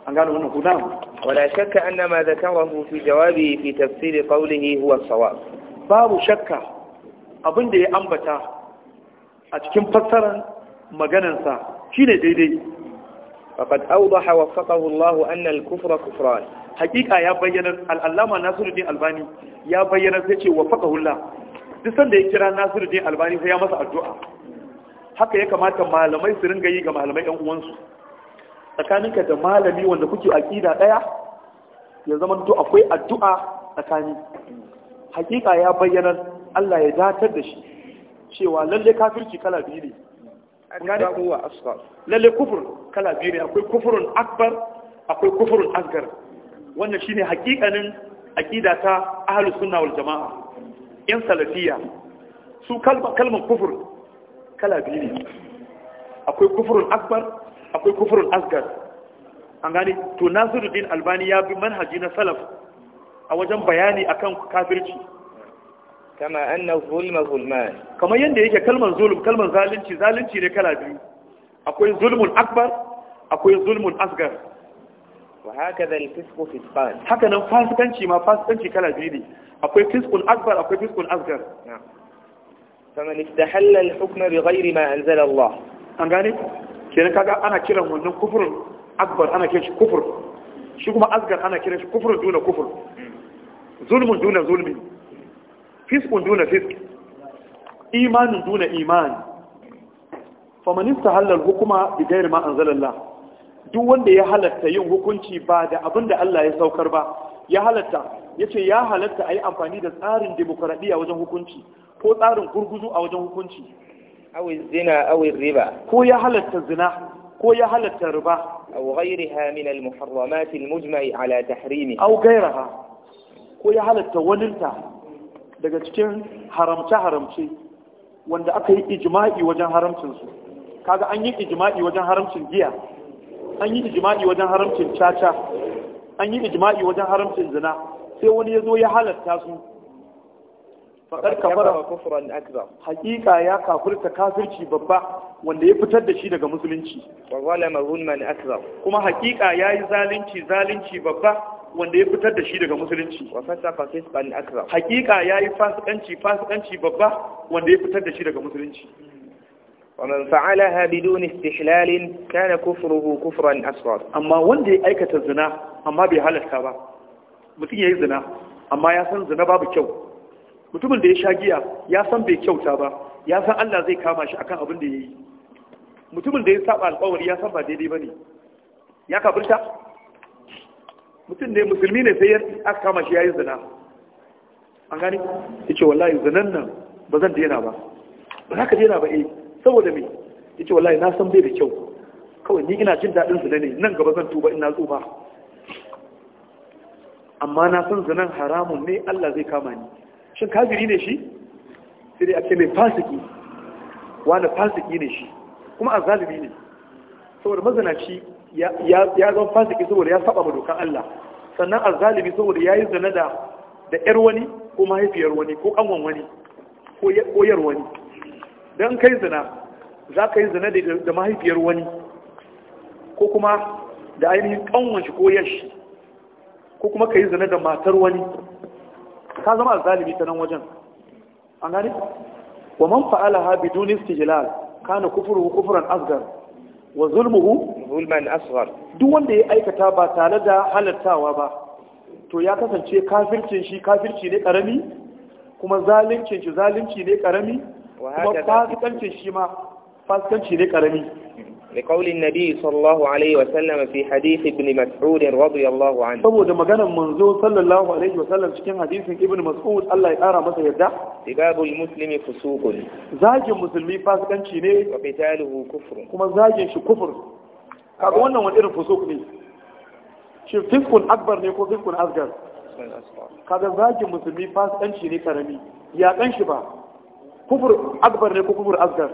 an gano wannan ku na'am wala shakka anna ma zakarahu fi jawabi fi tafsiri qawlihi huwa sawab babu shakka abin da ya ambata a cikin fassarar maganarsa shine daidai faqad awdaha hawa Allah anna al-kufra kufran hakika ya bayyana al-allama Nasiruddin Albani ya bayyana sai ce waffaqahu Allah duk sanda ya kira Nasiruddin Albani sai ya masa addu'a haka ya kamata malamai su ringa yi ga malamai ɗan uwansu tsakaninka da malami wanda kuke aƙida ɗaya ya zama to akwai addu'a tsakani hakika ya bayyana Allah ya datar da shi cewa lalle kafirci kala biyu ne huwa asgar. lalle kufur kala biyu ne akwai kufurun akbar akwai kufurun asgar. wannan shine hakikanin aqida ta ahlus sunna wal jamaa yan salafiya su kalma kalman kufur kala biyu ne akwai kufurun akbar akwai kufurun asgar. an gane to nasiruddin albani ya bi manhaji na salaf a wajen bayani akan kafirci kama anna zulma zulman kamar yanda yake kalmar zulm kalmar zalunci zalunci ne kala biyu akwai zulmun akbar akwai zulmun asgar wa hakaza al-fisqu fisqan haka nan fasikanci ma fasikanci kala biyu ne akwai fisqun akbar akwai fisqun asgar faman istahalla al-hukma bighairi ma anzala Allah an gane kenan kaga ana kiran wannan kufrun akbar ana kiran shi kufur shi kuma asgar ana kiran shi kufrun duna kufur hmm. zulmun duna zulmi. fiskun duna fisk imanin duna imani famanista halar hukuma da gairi ma duk wanda ya halatta yin hukunci ba da abin da Allah ya saukar ba ya halatta ya ce ya halatta a yi amfani da tsarin demokuraɗiyya wajen hukunci ko tsarin gurguzu a wajen hukunci awi zina awi riba ko ya halatta zina ko ya halatta riba aw ghayriha min al muharramat al mujma'i ala tahrimi aw ghayraha ko ya halatta waninta daga cikin haramce-haramce wanda aka yi ijima'i wajen haramcinsu kaga an yi ijima'i wajen haramcin giya an yi ijima'i wajen haramcin caca an yi ijima'i wajen haramcin zina sai wani ya zo ya halatta su faɗar kafara kufuran hakika ya kafirta kafirci babba wanda ya fitar da shi daga musulunci wa zalama zulman kuma hakika yayi zalunci zalunci babba wanda ya fitar da shi daga musulunci wa fasafa fisqan akra hakika yayi fasikanci fasikanci babba wanda ya fitar da shi daga musulunci ومن فعلها بدون استحلال كان كفره كفرا wanda ya aikata zina amma bai halalta ba mutum ya yi zina amma ya san zina babu kyau mutumin da ya sha giya ya san bai kyauta ba ya san Allah zai kama shi akan abin da ya yi mutumin da ya saba alƙawari ya san ba daidai ba ne ya kafirta mutum ne musulmi ne sai aka kama shi ya yi zina an gani ya ce wallahi zinan nan ba zan daina ba ba za ka daina ba eh saboda me ya ce wallahi na san bai da kyau kawai ni ina jin daɗin zina ne nan gaba zan tuba ina tsufa amma na san zinan haramun ne Allah zai kama ni shin kafiri ne shi sai dai ake mai fasiki wani fasiki ne shi kuma azalimi ne saboda mazanaci ya zo fasiki saboda ya saba ma Allah sannan azzalimi saboda ya yi zina da da yar wani ko mahaifiyar wani ko kanwan wani ko koyar wani dan kai zina za ka yi zina da mahaifiyar wani ko kuma da ainihin kanwan shi ko yashi ko kuma ka yi zina da matar wani ka zama azzalimi ta nan wajen an gani wa man fa'alaha biduni istijlal kana kufuru kufran asghar wa zulmuhu zulman asghar duk wanda ya aikata ba tare da halartawa ba to ya kasance kafircin shi kafirci ne karami kuma zalincin shi zalunci ne karami kuma fasikancin shi ma fasikanci ne karami لقول النبي صلى الله عليه وسلم في حديث ابن مسعود رضي الله عنه saboda maganar manzo sallallahu alaihi wasallam cikin hadisin ibn mas'ud Allah ya kara masa yadda sibabul zagin musulmi fasikanci ne kuma zagin kufur kaga wannan wani irin fusuk ne shi fiskun akbar ne ko fiskun asgar kaga zagin musulmi fasikanci ne karami ya kan shi ba kufur akbar ne ko kufur asgar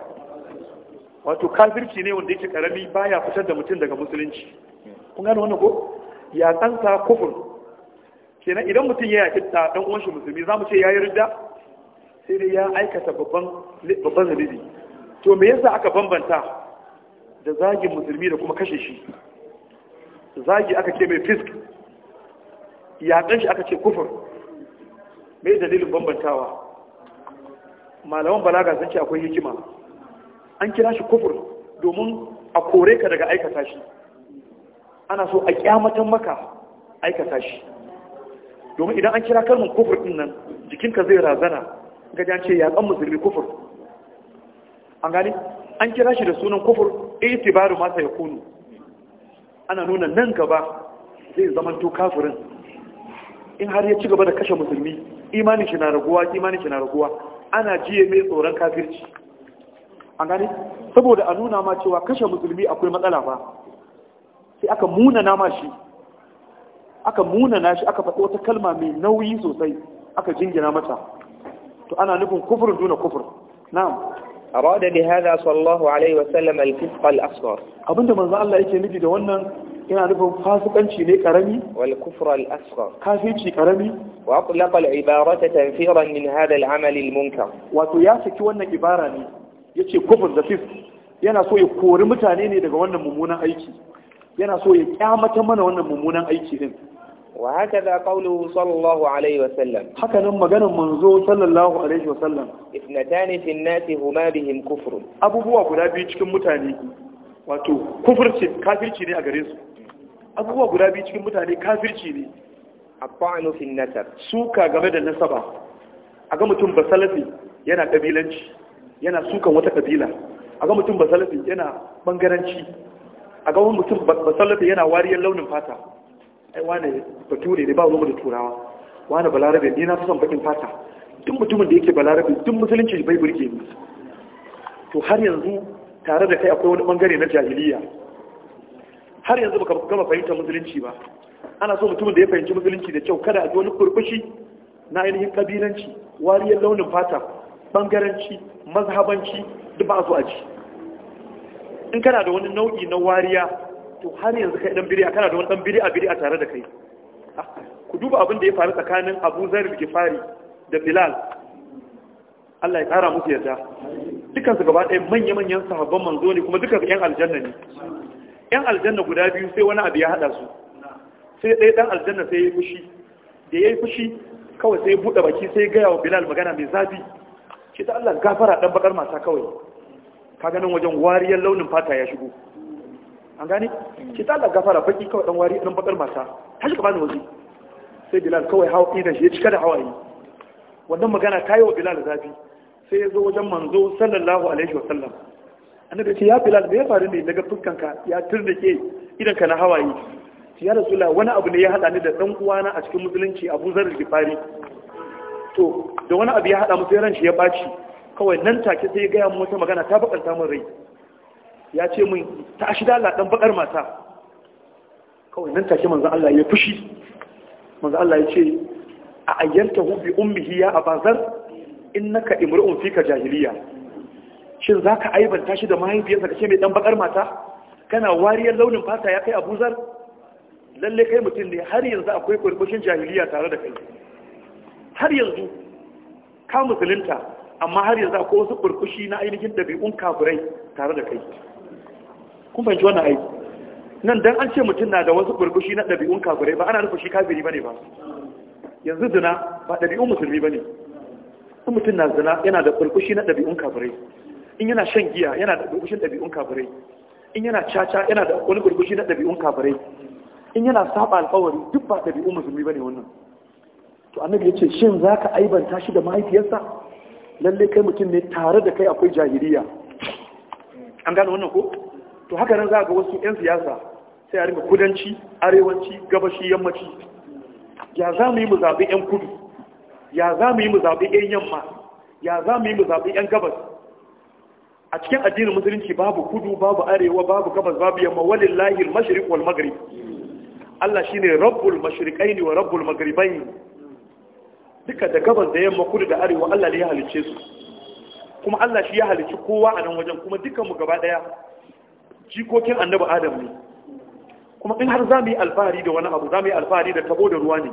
wato kafirci ne wanda yake karami baya fitar da mutum daga musulunci kun gane wannan ko ya kansa kufur kenan idan mutum ya yaki ta dan uwan shi musulmi zamu ce yayi ridda sai dai ya aikata babban babban zalili to me yasa aka bambanta da zagin musulmi da kuma kashe shi zagi aka ce mai fisk yaƙan shi aka ce kufur mai dalilin bambantawa malaman balaga sun ce akwai hikima an kira shi kufur domin a kore ka daga aikata shi ana so a kyamatan maka aikata shi domin idan an kira kalmin kufur din nan jikinka zai razana gaji an ce yaƙan musulmi kufur an gani an kira shi da sunan kufur itibaru masa ya kunu ana nuna nan gaba zai zamanto kafirin in har ya ci gaba da kashe musulmi imanin shi na raguwa imanin shi na raguwa ana jiye mai tsoron kafirci an gane saboda a nuna ma cewa kashe musulmi akwai matsala ba sai aka munana ma shi aka na shi aka faɗi wata kalma mai nauyi sosai aka jingina mata to ana nufin kufurin duna kufur na. arada da hada sallallahu alaihi wa sallam al al-asghar abinda manzo Allah yake nufi da wannan yana nufin fasikanci ne karami wal kufr al karami wa atlaqa al-ibarata tanfiran min hada al-amal al-munkar wato ya saki wannan ibara ne yace kufr da fisq yana so ya kori mutane ne daga wannan mummunan aiki yana so ya ƙyamata mana wannan mummunan aiki din wa haka da qawluhu sallallahu alaihi wa sallam haka nan maganar manzo sallallahu alaihi wa sallam ithnatani fi an huma bihim kufr abubuwa guda biyu cikin mutane wato kufurci kafirci ne a gare su abubuwa guda biyu cikin mutane kafirci ne abba'nu fi an-nasab suka game da nasaba a ga mutum basalafi yana kabilanci yana sukan wata kabila a ga mutum basalafi yana bangaranci a ga mutum basalafi yana wariyar launin fata ai wane bature ne ba ruwa da turawa wane balarabe ni na fi son bakin fata duk mutumin da yake balarabe duk musulunci bai burge ni to har yanzu tare da kai akwai wani bangare na jahiliya har yanzu baka gama fahimtar musulunci ba ana so mutumin da ya fahimci musulunci da kyau kada a ji wani kurkushi na ainihin kabilanci wariyar launin fata bangaranci mazhabanci duk ba a so a ji in kana da wani nau'i na wariya to har yanzu kai dan bid'a kana da wani dan biri a tare da kai ah, ku duba abin da ya faru tsakanin Abu Zar al Gifari da Bilal Allah ya kara musu yarda dukan su gaba ɗaya manya-manyan sahabban manzo ne kuma dukan su aljanna ne Yan aljanna guda biyu sai wani abu ya hada su sai ɗaya dan aljanna sai ya yi fushi da ya yi fushi kawai sai ya buɗe baki sai ya gaya wa Bilal magana mai zafi Shi ta Allah gafara dan bakar mata kawai ka ganin wajen wariyar launin fata ya shigo an gani ki ta gafara baki kawai dan wari dan bakar mata ta shi ka bani waje sai bilal kawai hawa ina shi ya cika da hawaye wannan magana ta yi wa bilal zafi sai ya zo wajen manzo sallallahu alaihi wasallam annabi ya ce ya bilal me ya faru ne daga fuskanka ya tirnake idan ka na hawaye ya rasula wani abu ne ya hada ni da dan uwana a cikin musulunci Abu Zar al to da wani abu ya hada musu ran shi ya baci kawai nan take sai ya ga mu wata magana ta bakanta min rai ya ce min ta shi da Allah dan bakar mata kawai nan take manzo Allah ya fushi manzo Allah ya ce a ayyanta hu bi ummihi ya abazar innaka imru'un fika jahiliya shin zaka aibanta shi da mahaifiyarsa kace mai dan bakar mata kana wariyar launin fata ya kai abuzar lalle kai mutum ne har yanzu akwai kurkushin jahiliya tare da kai har yanzu ka musulunta amma har yanzu akwai wasu kurkushi na ainihin ɗabi'un kafirai tare da kai kuma fahimci wannan aiki nan don an ce mutum na da wasu burbushi na ɗabi'un kafirai ba ana rufe shi kafiri ne ba yanzu zina ba ɗabi'un musulmi ba ne. in mutum na zina yana da burbushi na ɗabi'un kafirai in yana shan giya yana da burbushin ɗabi'un kafirai in yana caca yana da wani burbushi na ɗabi'un kafirai in yana saba alƙawari duk ba ɗabi'un musulmi ba ne wannan to annabi ya ce shin za ka aibanta shi da mahaifiyarsa lallai kai mutum ne tare da kai akwai jahiliya an gane wannan ko to haka nan za ga wasu 'yan siyasa sai a rika kudanci arewanci gabashi yammaci ya za mu yi mu zaɓi 'yan kudu ya za mu yi mu zaɓi 'yan yamma ya za mu yi mu zaɓi 'yan gabas a cikin addinin musulunci babu kudu babu arewa babu gabas babu yamma walillahi al-mashriq wal maghrib Allah shine rabbul ne wa rabbul maghribaini duka da gabas da yamma kudu da arewa Allah ne ya halicce su kuma Allah shi ya halicci kowa a nan wajen kuma dukanmu gaba daya jikokin annabi adam ne kuma in har za mu yi alfahari da wani abu za mu yi alfahari da tabo da ruwa ne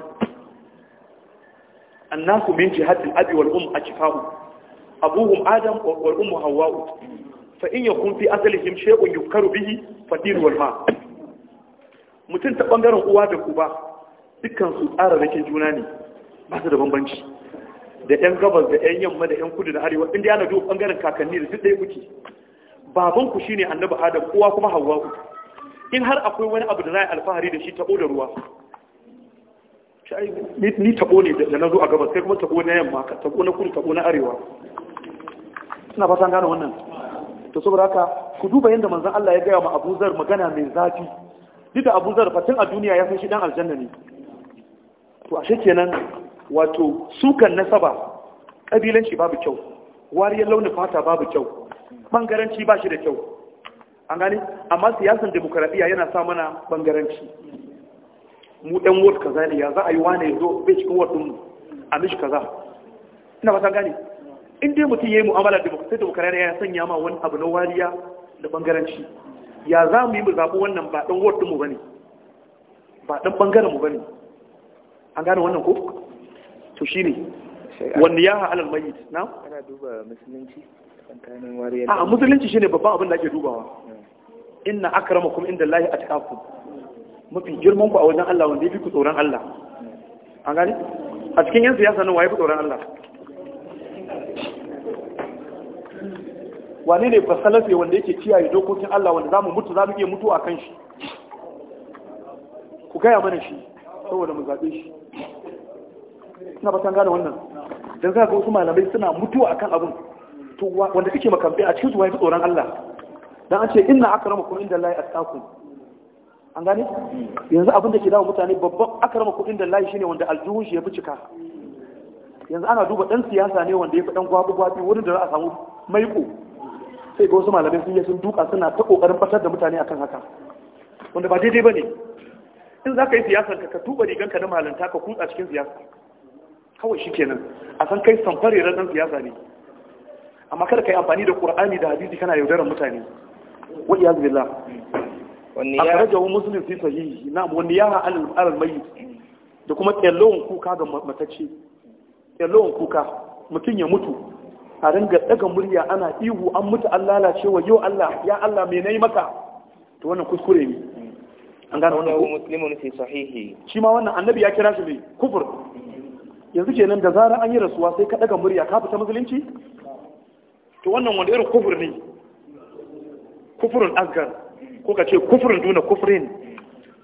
annaku min jihadil abi wal um ajfahu abuhum adam wal ummu hawa fa in yakun fi aslihim shay'un yukaru bihi fadir wal ma mutun ta bangaren uwa da uba dukkan su tsara rakin juna ne ba su da bambanci da ɗan gabas da ɗan yamma da yan kudu da arewa inda yana duk bangaren kakanni da duk ɗaya kuke babanku shine annabi adam kowa kuma hawwa in har akwai wani abu da za a yi alfahari da shi tabo da ruwa ni tabo ne da na zo a gabas sai kuma tabo na yamma ka tabo na kudu tabo na arewa suna fatan gane wannan to saboda haka ku duba yadda manzon Allah ya gaya ma Abu Zar magana mai zafi duk da Abu Zar fatin a duniya ya san shi dan aljanna ne to ashe kenan wato sukan nasaba kabilanci babu kyau wariyar launin fata babu kyau bangaranci ba shi da kyau an gani amma siyasan demokaradiyya yana sa mana bangaranci mu ɗan ka kaza ne ya za a yi wane zo bai cikin ward a mishi kaza ina ba ta gane in mutum ya yi mu'amala da demokaradiyya ya sanya ma wani abu na wariya da bangaranci ya za mu yi mu zaɓi wannan ba ɗan ward ba ne ba ɗan ɓangaren mu ba ne an gane wannan ko to shi ne wanda ya ha'alar mayit na? ana duba musulunci a musulunci shine babban abin da ake dubawa inna akramakum inda lahi Allah atqakum mafi girman ku a wajen Allah wanda fi ku tsoron Allah an gani a cikin yan siyasa nan waye ku tsoron Allah wane ne fasalafe wanda yake kiyaye dokokin Allah wanda zamu mutu zamu iya mutu akan shi ku gaya mana shi saboda mu zaɓe shi ina ba san gane wannan dan za ga wasu malamai suna mutuwa akan abun wanda kike makambe a cikin su tsoron Allah dan an ce inna akramakum inda Allah atqakum an gane yanzu abin da ke dawo mutane babban akramakum inda Allah shine wanda aljuhun shi ya fi cika yanzu ana duba dan siyasa ne wanda ya fi dan gwabu gwabi wurin da za a samu maiko sai ga wasu malamai sun yi sun duka suna ta kokarin fatar da mutane akan haka wanda ba daidai bane in za ka yi siyasar ka ka tuba riganka na malanta ka kutsa cikin siyasa kawai shi kenan a san kai samfare ran siyasa ne amma kada ka yi amfani da qur'ani da hadisi kana yaudarar mutane wa iyaz billah wannan ya rajahu muslim fi sahihi na'am wannan ya al mayyit da kuma kyallon kuka ga matacce kyallon kuka mutum ya mutu a ringa daga murya ana ihu an mutu an lalace wa yau Allah ya Allah me nayi maka to wannan kuskure ne an gane wannan ko muslimun fi sahihi shi ma wannan annabi ya kira shi ne kufur yanzu kenan da zarar an yi rasuwa sai ka daga murya ka fita musulunci to wannan wanda irin kufur ne kufurin asgar ko ka ce kufurin duna kufurin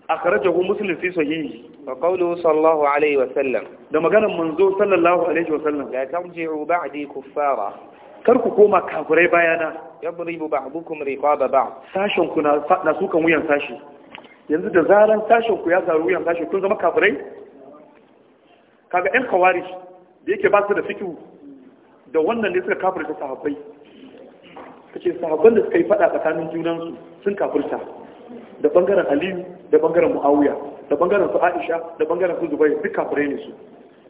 a karajahu musulun fi soyi wa kawo Sallahu alaihi wa sallam da maganin manzo sallallahu alaihi wa sallam ruba a ba'di kuffara kar ku koma kafurai bayana ba yadribu ba'dukum riqaba ba sashen ku na sukan wuyan sashi yanzu da zaran sashen ku ya zaru wuyan sashi kun zama kafurai? kaga ɗan kawari da yake ba su da fikihu da wannan ne suka kafirta sahabbai kace sahabban da suka yi fada tsakanin junansu sun kafirta da bangaren Aliyu da bangaren Muawiya da bangaren su Aisha da bangaren su Zubair duk kafire ne su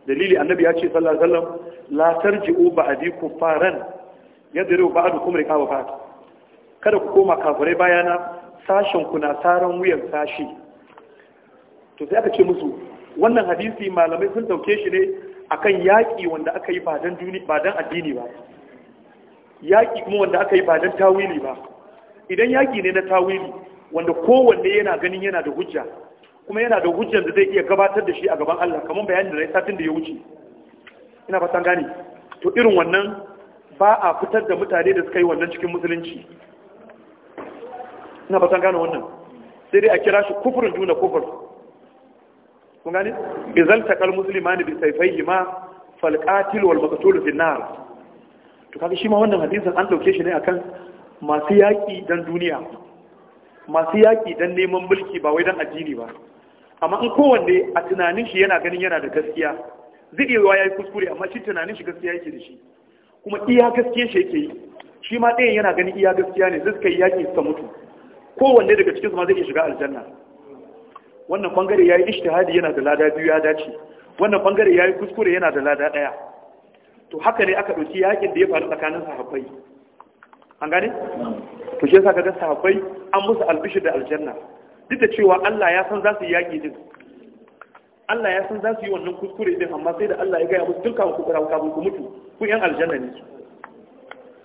dalili annabi ya ce sallallahu alaihi wasallam la tarji'u ba'di kufaran yadru ba'dukum rikaba ba'd kada ku koma kafire bayana sashen ku na saran wuyan sashi to sai aka ce musu wannan hadisi malamai sun dauke shi ne akan yaƙi wanda aka yi ba don addini ba yaƙi kuma wanda aka yi ba don tawili ba idan yaƙi ne na tawili wanda kowanne yana ganin yana da hujja kuma yana da hujjan da zai iya gabatar da shi a gaban Allah kamar bayanin da na satin da ya wuce ina fatan gane to irin wannan ba a fitar da mutane da suka yi wannan cikin musulunci ina fatan gane wannan sai dai a kira shi kufurin juna kufur kun gane izal taqal muslimani bi sayfayhi ma fal qatil wal maqtul fi nar to kaga shi ma wannan hadisin an dauke shi ne akan masu yaki dan duniya masu yaki dan neman mulki ba wai dan addini ba amma in kowanne a tunanin shi yana ganin yana da gaskiya zai iya yayi kuskure amma shi tunanin shi gaskiya yake da shi kuma iya gaskiya shi yake yi shi ma ɗayan yana ganin iya gaskiya ne zai suka yi yaki suka mutu kowanne daga cikin su ma zai iya shiga aljanna wannan bangare yayi ijtihadi yana da lada biyu ya dace wannan bangare yi kuskure yana da lada ɗaya. to haka ne aka ɗauki yakin da ya faru tsakanin sahabbai an gane to shi yasa kaga sahabbai an musu albishir da aljanna duk da cewa Allah ya san za su yi yaƙi din Allah ya san za su yi wannan kuskure din amma sai da Allah ya gaya musu dukkan kuskura kafin ku mutu ku yan aljanna ne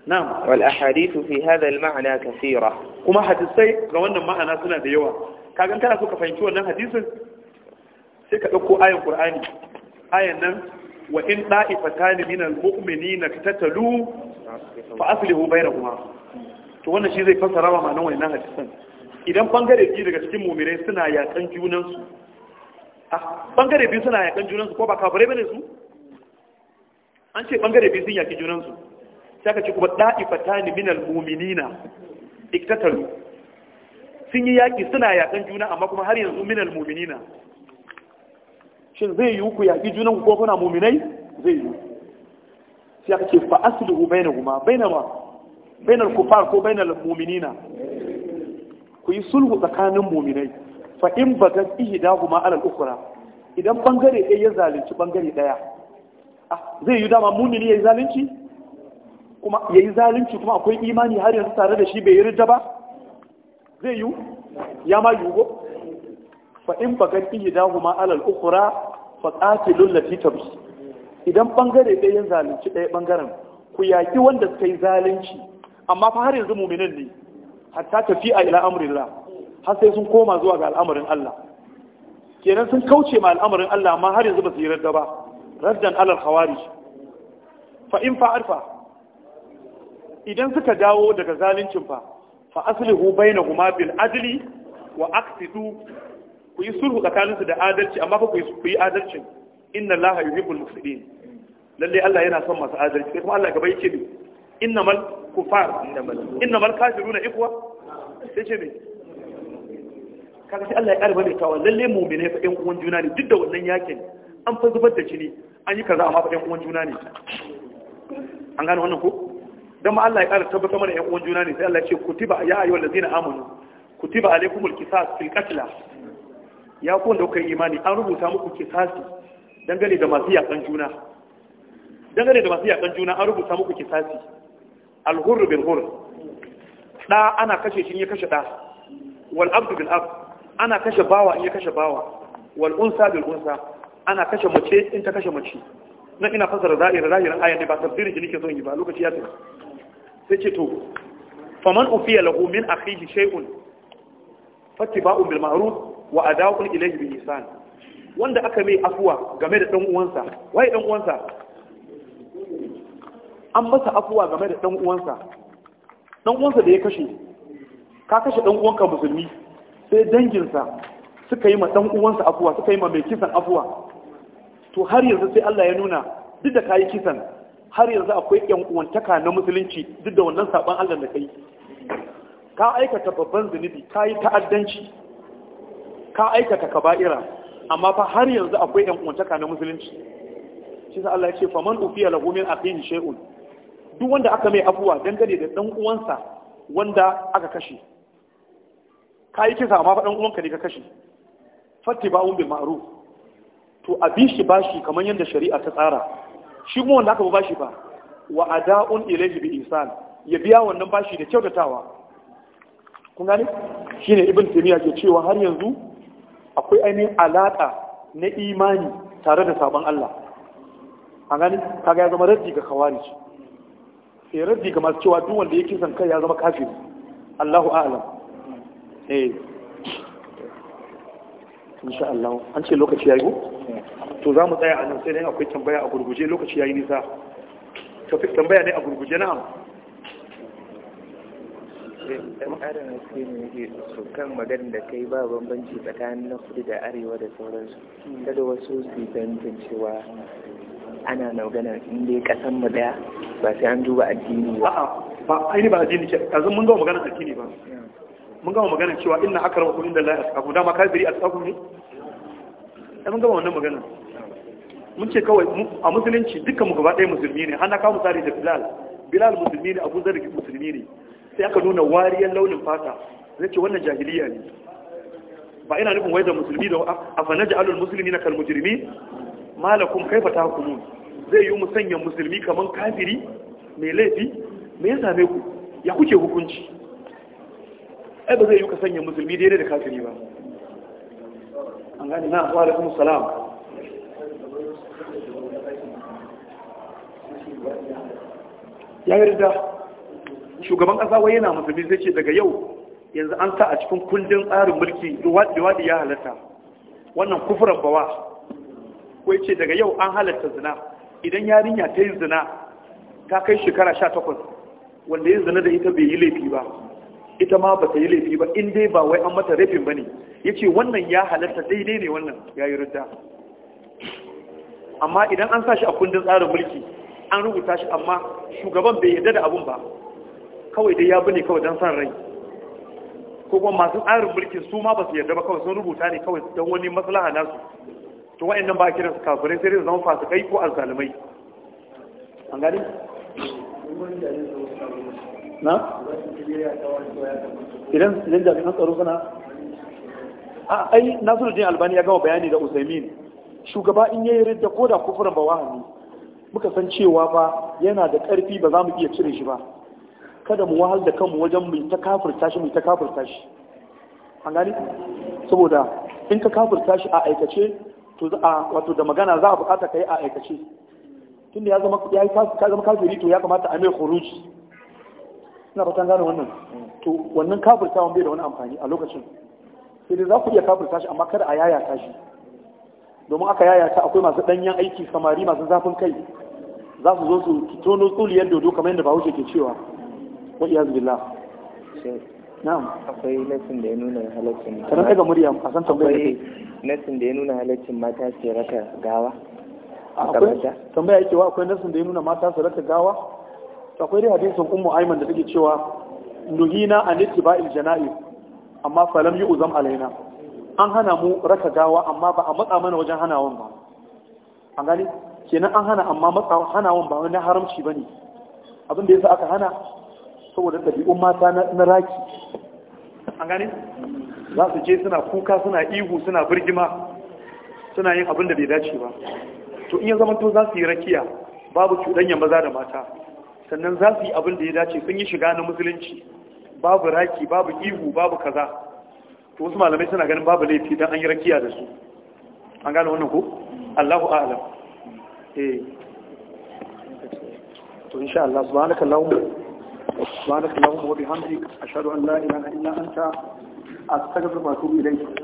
na'am wal ahadithu fi hadha al ma'na kathira kuma hadisai ga wannan ma'ana suna da yawa kagan kana so ka fahimci wannan hadisin sai ka ɗauko ayan qur'ani ayan nan wa in da'ifatan min al-mu'minina tatalu fa aslihu bainahuma to wannan shi zai fassara ma ma'anar wannan hadisin idan bangare biyu daga cikin mu'minai suna yaƙan junan su ah bangare biyu suna yaƙan junan su ko ba kafirai bane su an ce bangare biyu sun yaƙi junan su sai ka ce kuma da'ifatan min al-mu'minina iktatalu sun yi yaƙi suna yaƙan juna amma kuma har yanzu minal muminina shin zai yiwu ku yaƙi junan ko kuna muminai zai yiwu sai aka ce fa aslihu bainahuma bainama bainal kufar ko bainal muminina ku yi sulhu tsakanin muminai fa in bagat ihdahuma ala al-ukhra idan bangare ɗaya ya zalunci bangare ɗaya ah, zai yiwu dama mumini yi zalunci kuma yi zalunci kuma akwai imani har yanzu tare da shi bai yarda ba zai yiwu ya ma yiwu fa in iya dahu ma alal ukura fa qatilul lati tabs idan bangare ɗaya yin zalunci ɗaya bangaren ku yaki wanda suka yi zalunci amma fa har yanzu mu'minin ne hatta a ila amrillah har sai sun koma zuwa ga al'amarin Allah kenan sun kauce ma al'amarin Allah amma har yanzu ba su yi radda ba raddan alal khawarij fa in fa arfa idan suka dawo daga zaluncin fa fa aslihu bainahuma bil adli wa aksidu ku yi sulhu tsakaninsu da adalci amma fa ku yi adalcin inna allaha yuhibbul mufsidin lalle Allah yana son masu adalci sai kuma Allah gaba yake ne mal kufar innamal kafiruna ikwa sai ce me kaga sai Allah ya karba ne tawa lalle mu'mine fa ɗan uwan juna ne duk da wannan yakin an fa zubar da jini an yi kaza amma fa ɗan uwan juna ne an gane wannan ko dan ma Allah ya ƙara tabbatar mana ƴan uwan juna ne sai Allah ya ce kutiba ya ayyuhal ladzina amanu kutiba alaykumul qisas fil qatl ya ku da kai imani an rubuta muku kisasi dangane da masu yakan juna dangane da masu yakan juna an rubuta muku kisasi al-hurr bil da ana kashe shi in ya kashe da wal abdu bil abd ana kashe bawa in ya kashe bawa wal unsa bil unsa ana kashe mace in ta kashe mace na ina fasara zahirin zahirin ayan ne ba tafsirin jini ke son yi ba lokaci ya tafi sai ce to faman ufiya lahu min akhihi fati ba bil ma'ruf wa dawakun ilayhi bin isan wanda aka mai afuwa game da ɗan'uwansa uwansa wai dan uwansa an masa afuwa game da ɗan'uwansa uwansa uwansa da ya kashe ka kashe ɗan'uwanka uwanka musulmi sai danginsa suka yi ma ɗan'uwansa uwansa afuwa suka yi ma mai kisan afuwa to har yanzu sai Allah ya nuna duk da ka yi kisan har yanzu akwai ƴan uwantaka na musulunci duk da wannan saban Allah da kai ka aikata babban zunubi ka yi ta'addanci ka aikata kaba'ira amma fa har yanzu akwai ƴan uwantaka na musulunci shi sa Allah ya ce faman ufiya lahu min akhihi shay'un duk wanda aka mai afuwa dangane da dan uwansa wanda aka kashe ka yi kisa amma fa dan uwanka ne ka kashe fattiba'un bil ma'ruf to abin shi bashi kamar yadda shari'a ta tsara shi kuma wanda aka bashi ba wa ada'un ilayhi bi insan ya biya wannan bashi da kyautatawa kun gane shine ibn taymiya ke cewa har yanzu akwai ainihin alaka na imani tare da sabon Allah an gane kaga ya zama raddi ga khawarij sai eh, raddi ga masu cewa duk wanda yake san kai ya zama kafiri Allahu a'lam eh insha Allah an ce lokaci yayi ko to za mu tsaya a nan sai dai akwai tambaya a gurguje lokaci yayi nisa to fi tambaya ne a gurguje na'am dan eh, adam sai ne yake so kan magana da kai ba bambanci tsakanin na kudu da arewa da sauransu kada wasu su tantancewa ana maganar inda dai kasan mu ɗaya ba sai an duba addini ba a'a ba aini ba addini ce kazan mun ga maganar addini ba mun gama magana cewa inna akramakum indallahi atqakum dama kafiri atqakum ne eh, mun gama wannan magana? mun ce kawai a musulunci dukkan mu gaba ɗaya musulmi ne hana kawo misali da bilal bilal musulmi ne abu zargi musulmi ne sai aka nuna wariyar launin fata zai ce wannan jahiliya ne ba ina nufin wai da musulmi da a fa naja alul musulmi na kal mujrimi malakum kaifa tahkumun zai yi musanya musulmi kaman kafiri mai laifi me ya same ku ya kuke hukunci ai ba zai yi ka sanya musulmi daidai da kafiri ba an gani na wa alaikum salam ya yarda shugaban kasa wai yana musulmi zai ce daga yau yanzu an sa a cikin kundin tsarin mulki duwadi ya halatta wannan kufuran bawa kuwa ce daga yau an halatta zina idan yarinya ta yi zina ta kai shekara sha wanda ya zina da ita bai yi laifi ba ita ma ba ta yi laifi ba in dai ba wai an mata rafin ba ne ya ce wannan ya halatta daidai ne wannan ya yi rudda amma idan an sa shi a kundin tsarin mulki an rubuta shi amma shugaban bai yarda da abun ba kawai dai ya bi ne kawai don san rai ko kuma masu tsarin mulki su ma ba su yarda ba kawai sun rubuta ne kawai don wani maslaha nasu to nan ba a kiransu kafirai sai zai zama fasikai ko alzalimai an gani na idan idan jami'an tsaro suna a ai nasiruddin albani ya gama bayani da usaimin shugaba in yayi ridda ko da kufurin ba wahani muka san cewa ba yana da karfi ba za mu iya cire shi ba kada mu wahal da kanmu wajen mu ta kafirta shi mu ta kafirta shi an gani saboda in ka kafirta shi a aikace to a wato da magana za a bukata kai a aikace tunda ya zama ya zama kafiri to ya kamata a mai khuruji ina fatan gane wannan to wannan kafirtawan bai da wani amfani a lokacin sai dai za ku iya kafirta shi amma kada a yayata shi domin aka yayata akwai masu danyen aiki samari masu zafin kai za su zo su tono tsuliyar dodo kamar yadda bahaushe ke cewa wa iya billah na'am akwai lesson da ya nuna halaccin daga murya a san akwai lesson da ya nuna halaccin mata su raka gawa akwai tambaya yake wa akwai lesson da ya nuna mata su raka gawa akwai dai hadisin ummu aiman da take cewa nuhina an al janaiz amma lam yu'zam alaina an hana mu raka gawa amma ba a matsa mana wajen hanawan ba an gani kenan an hana amma matsa hanawan ba wani haramci bane abin da yasa aka hana saboda ɗabi'un mata na raki an gani za su je suna kuka suna ihu suna birgima suna yin abin da bai dace ba to in ya zama to za su yi rakiya babu cudanya maza da mata sannan za su yi abin da ya dace sun yi shiga na musulunci babu raki babu ihu babu kaza to wasu malamai suna ganin babu laifi don an yi rakiya da su an gane wannan ko Allahu eh. to insha Allah subhanaka subhanaka wa ashhadu an la ilaha illa anta astaghfiruka wa atubu ilayk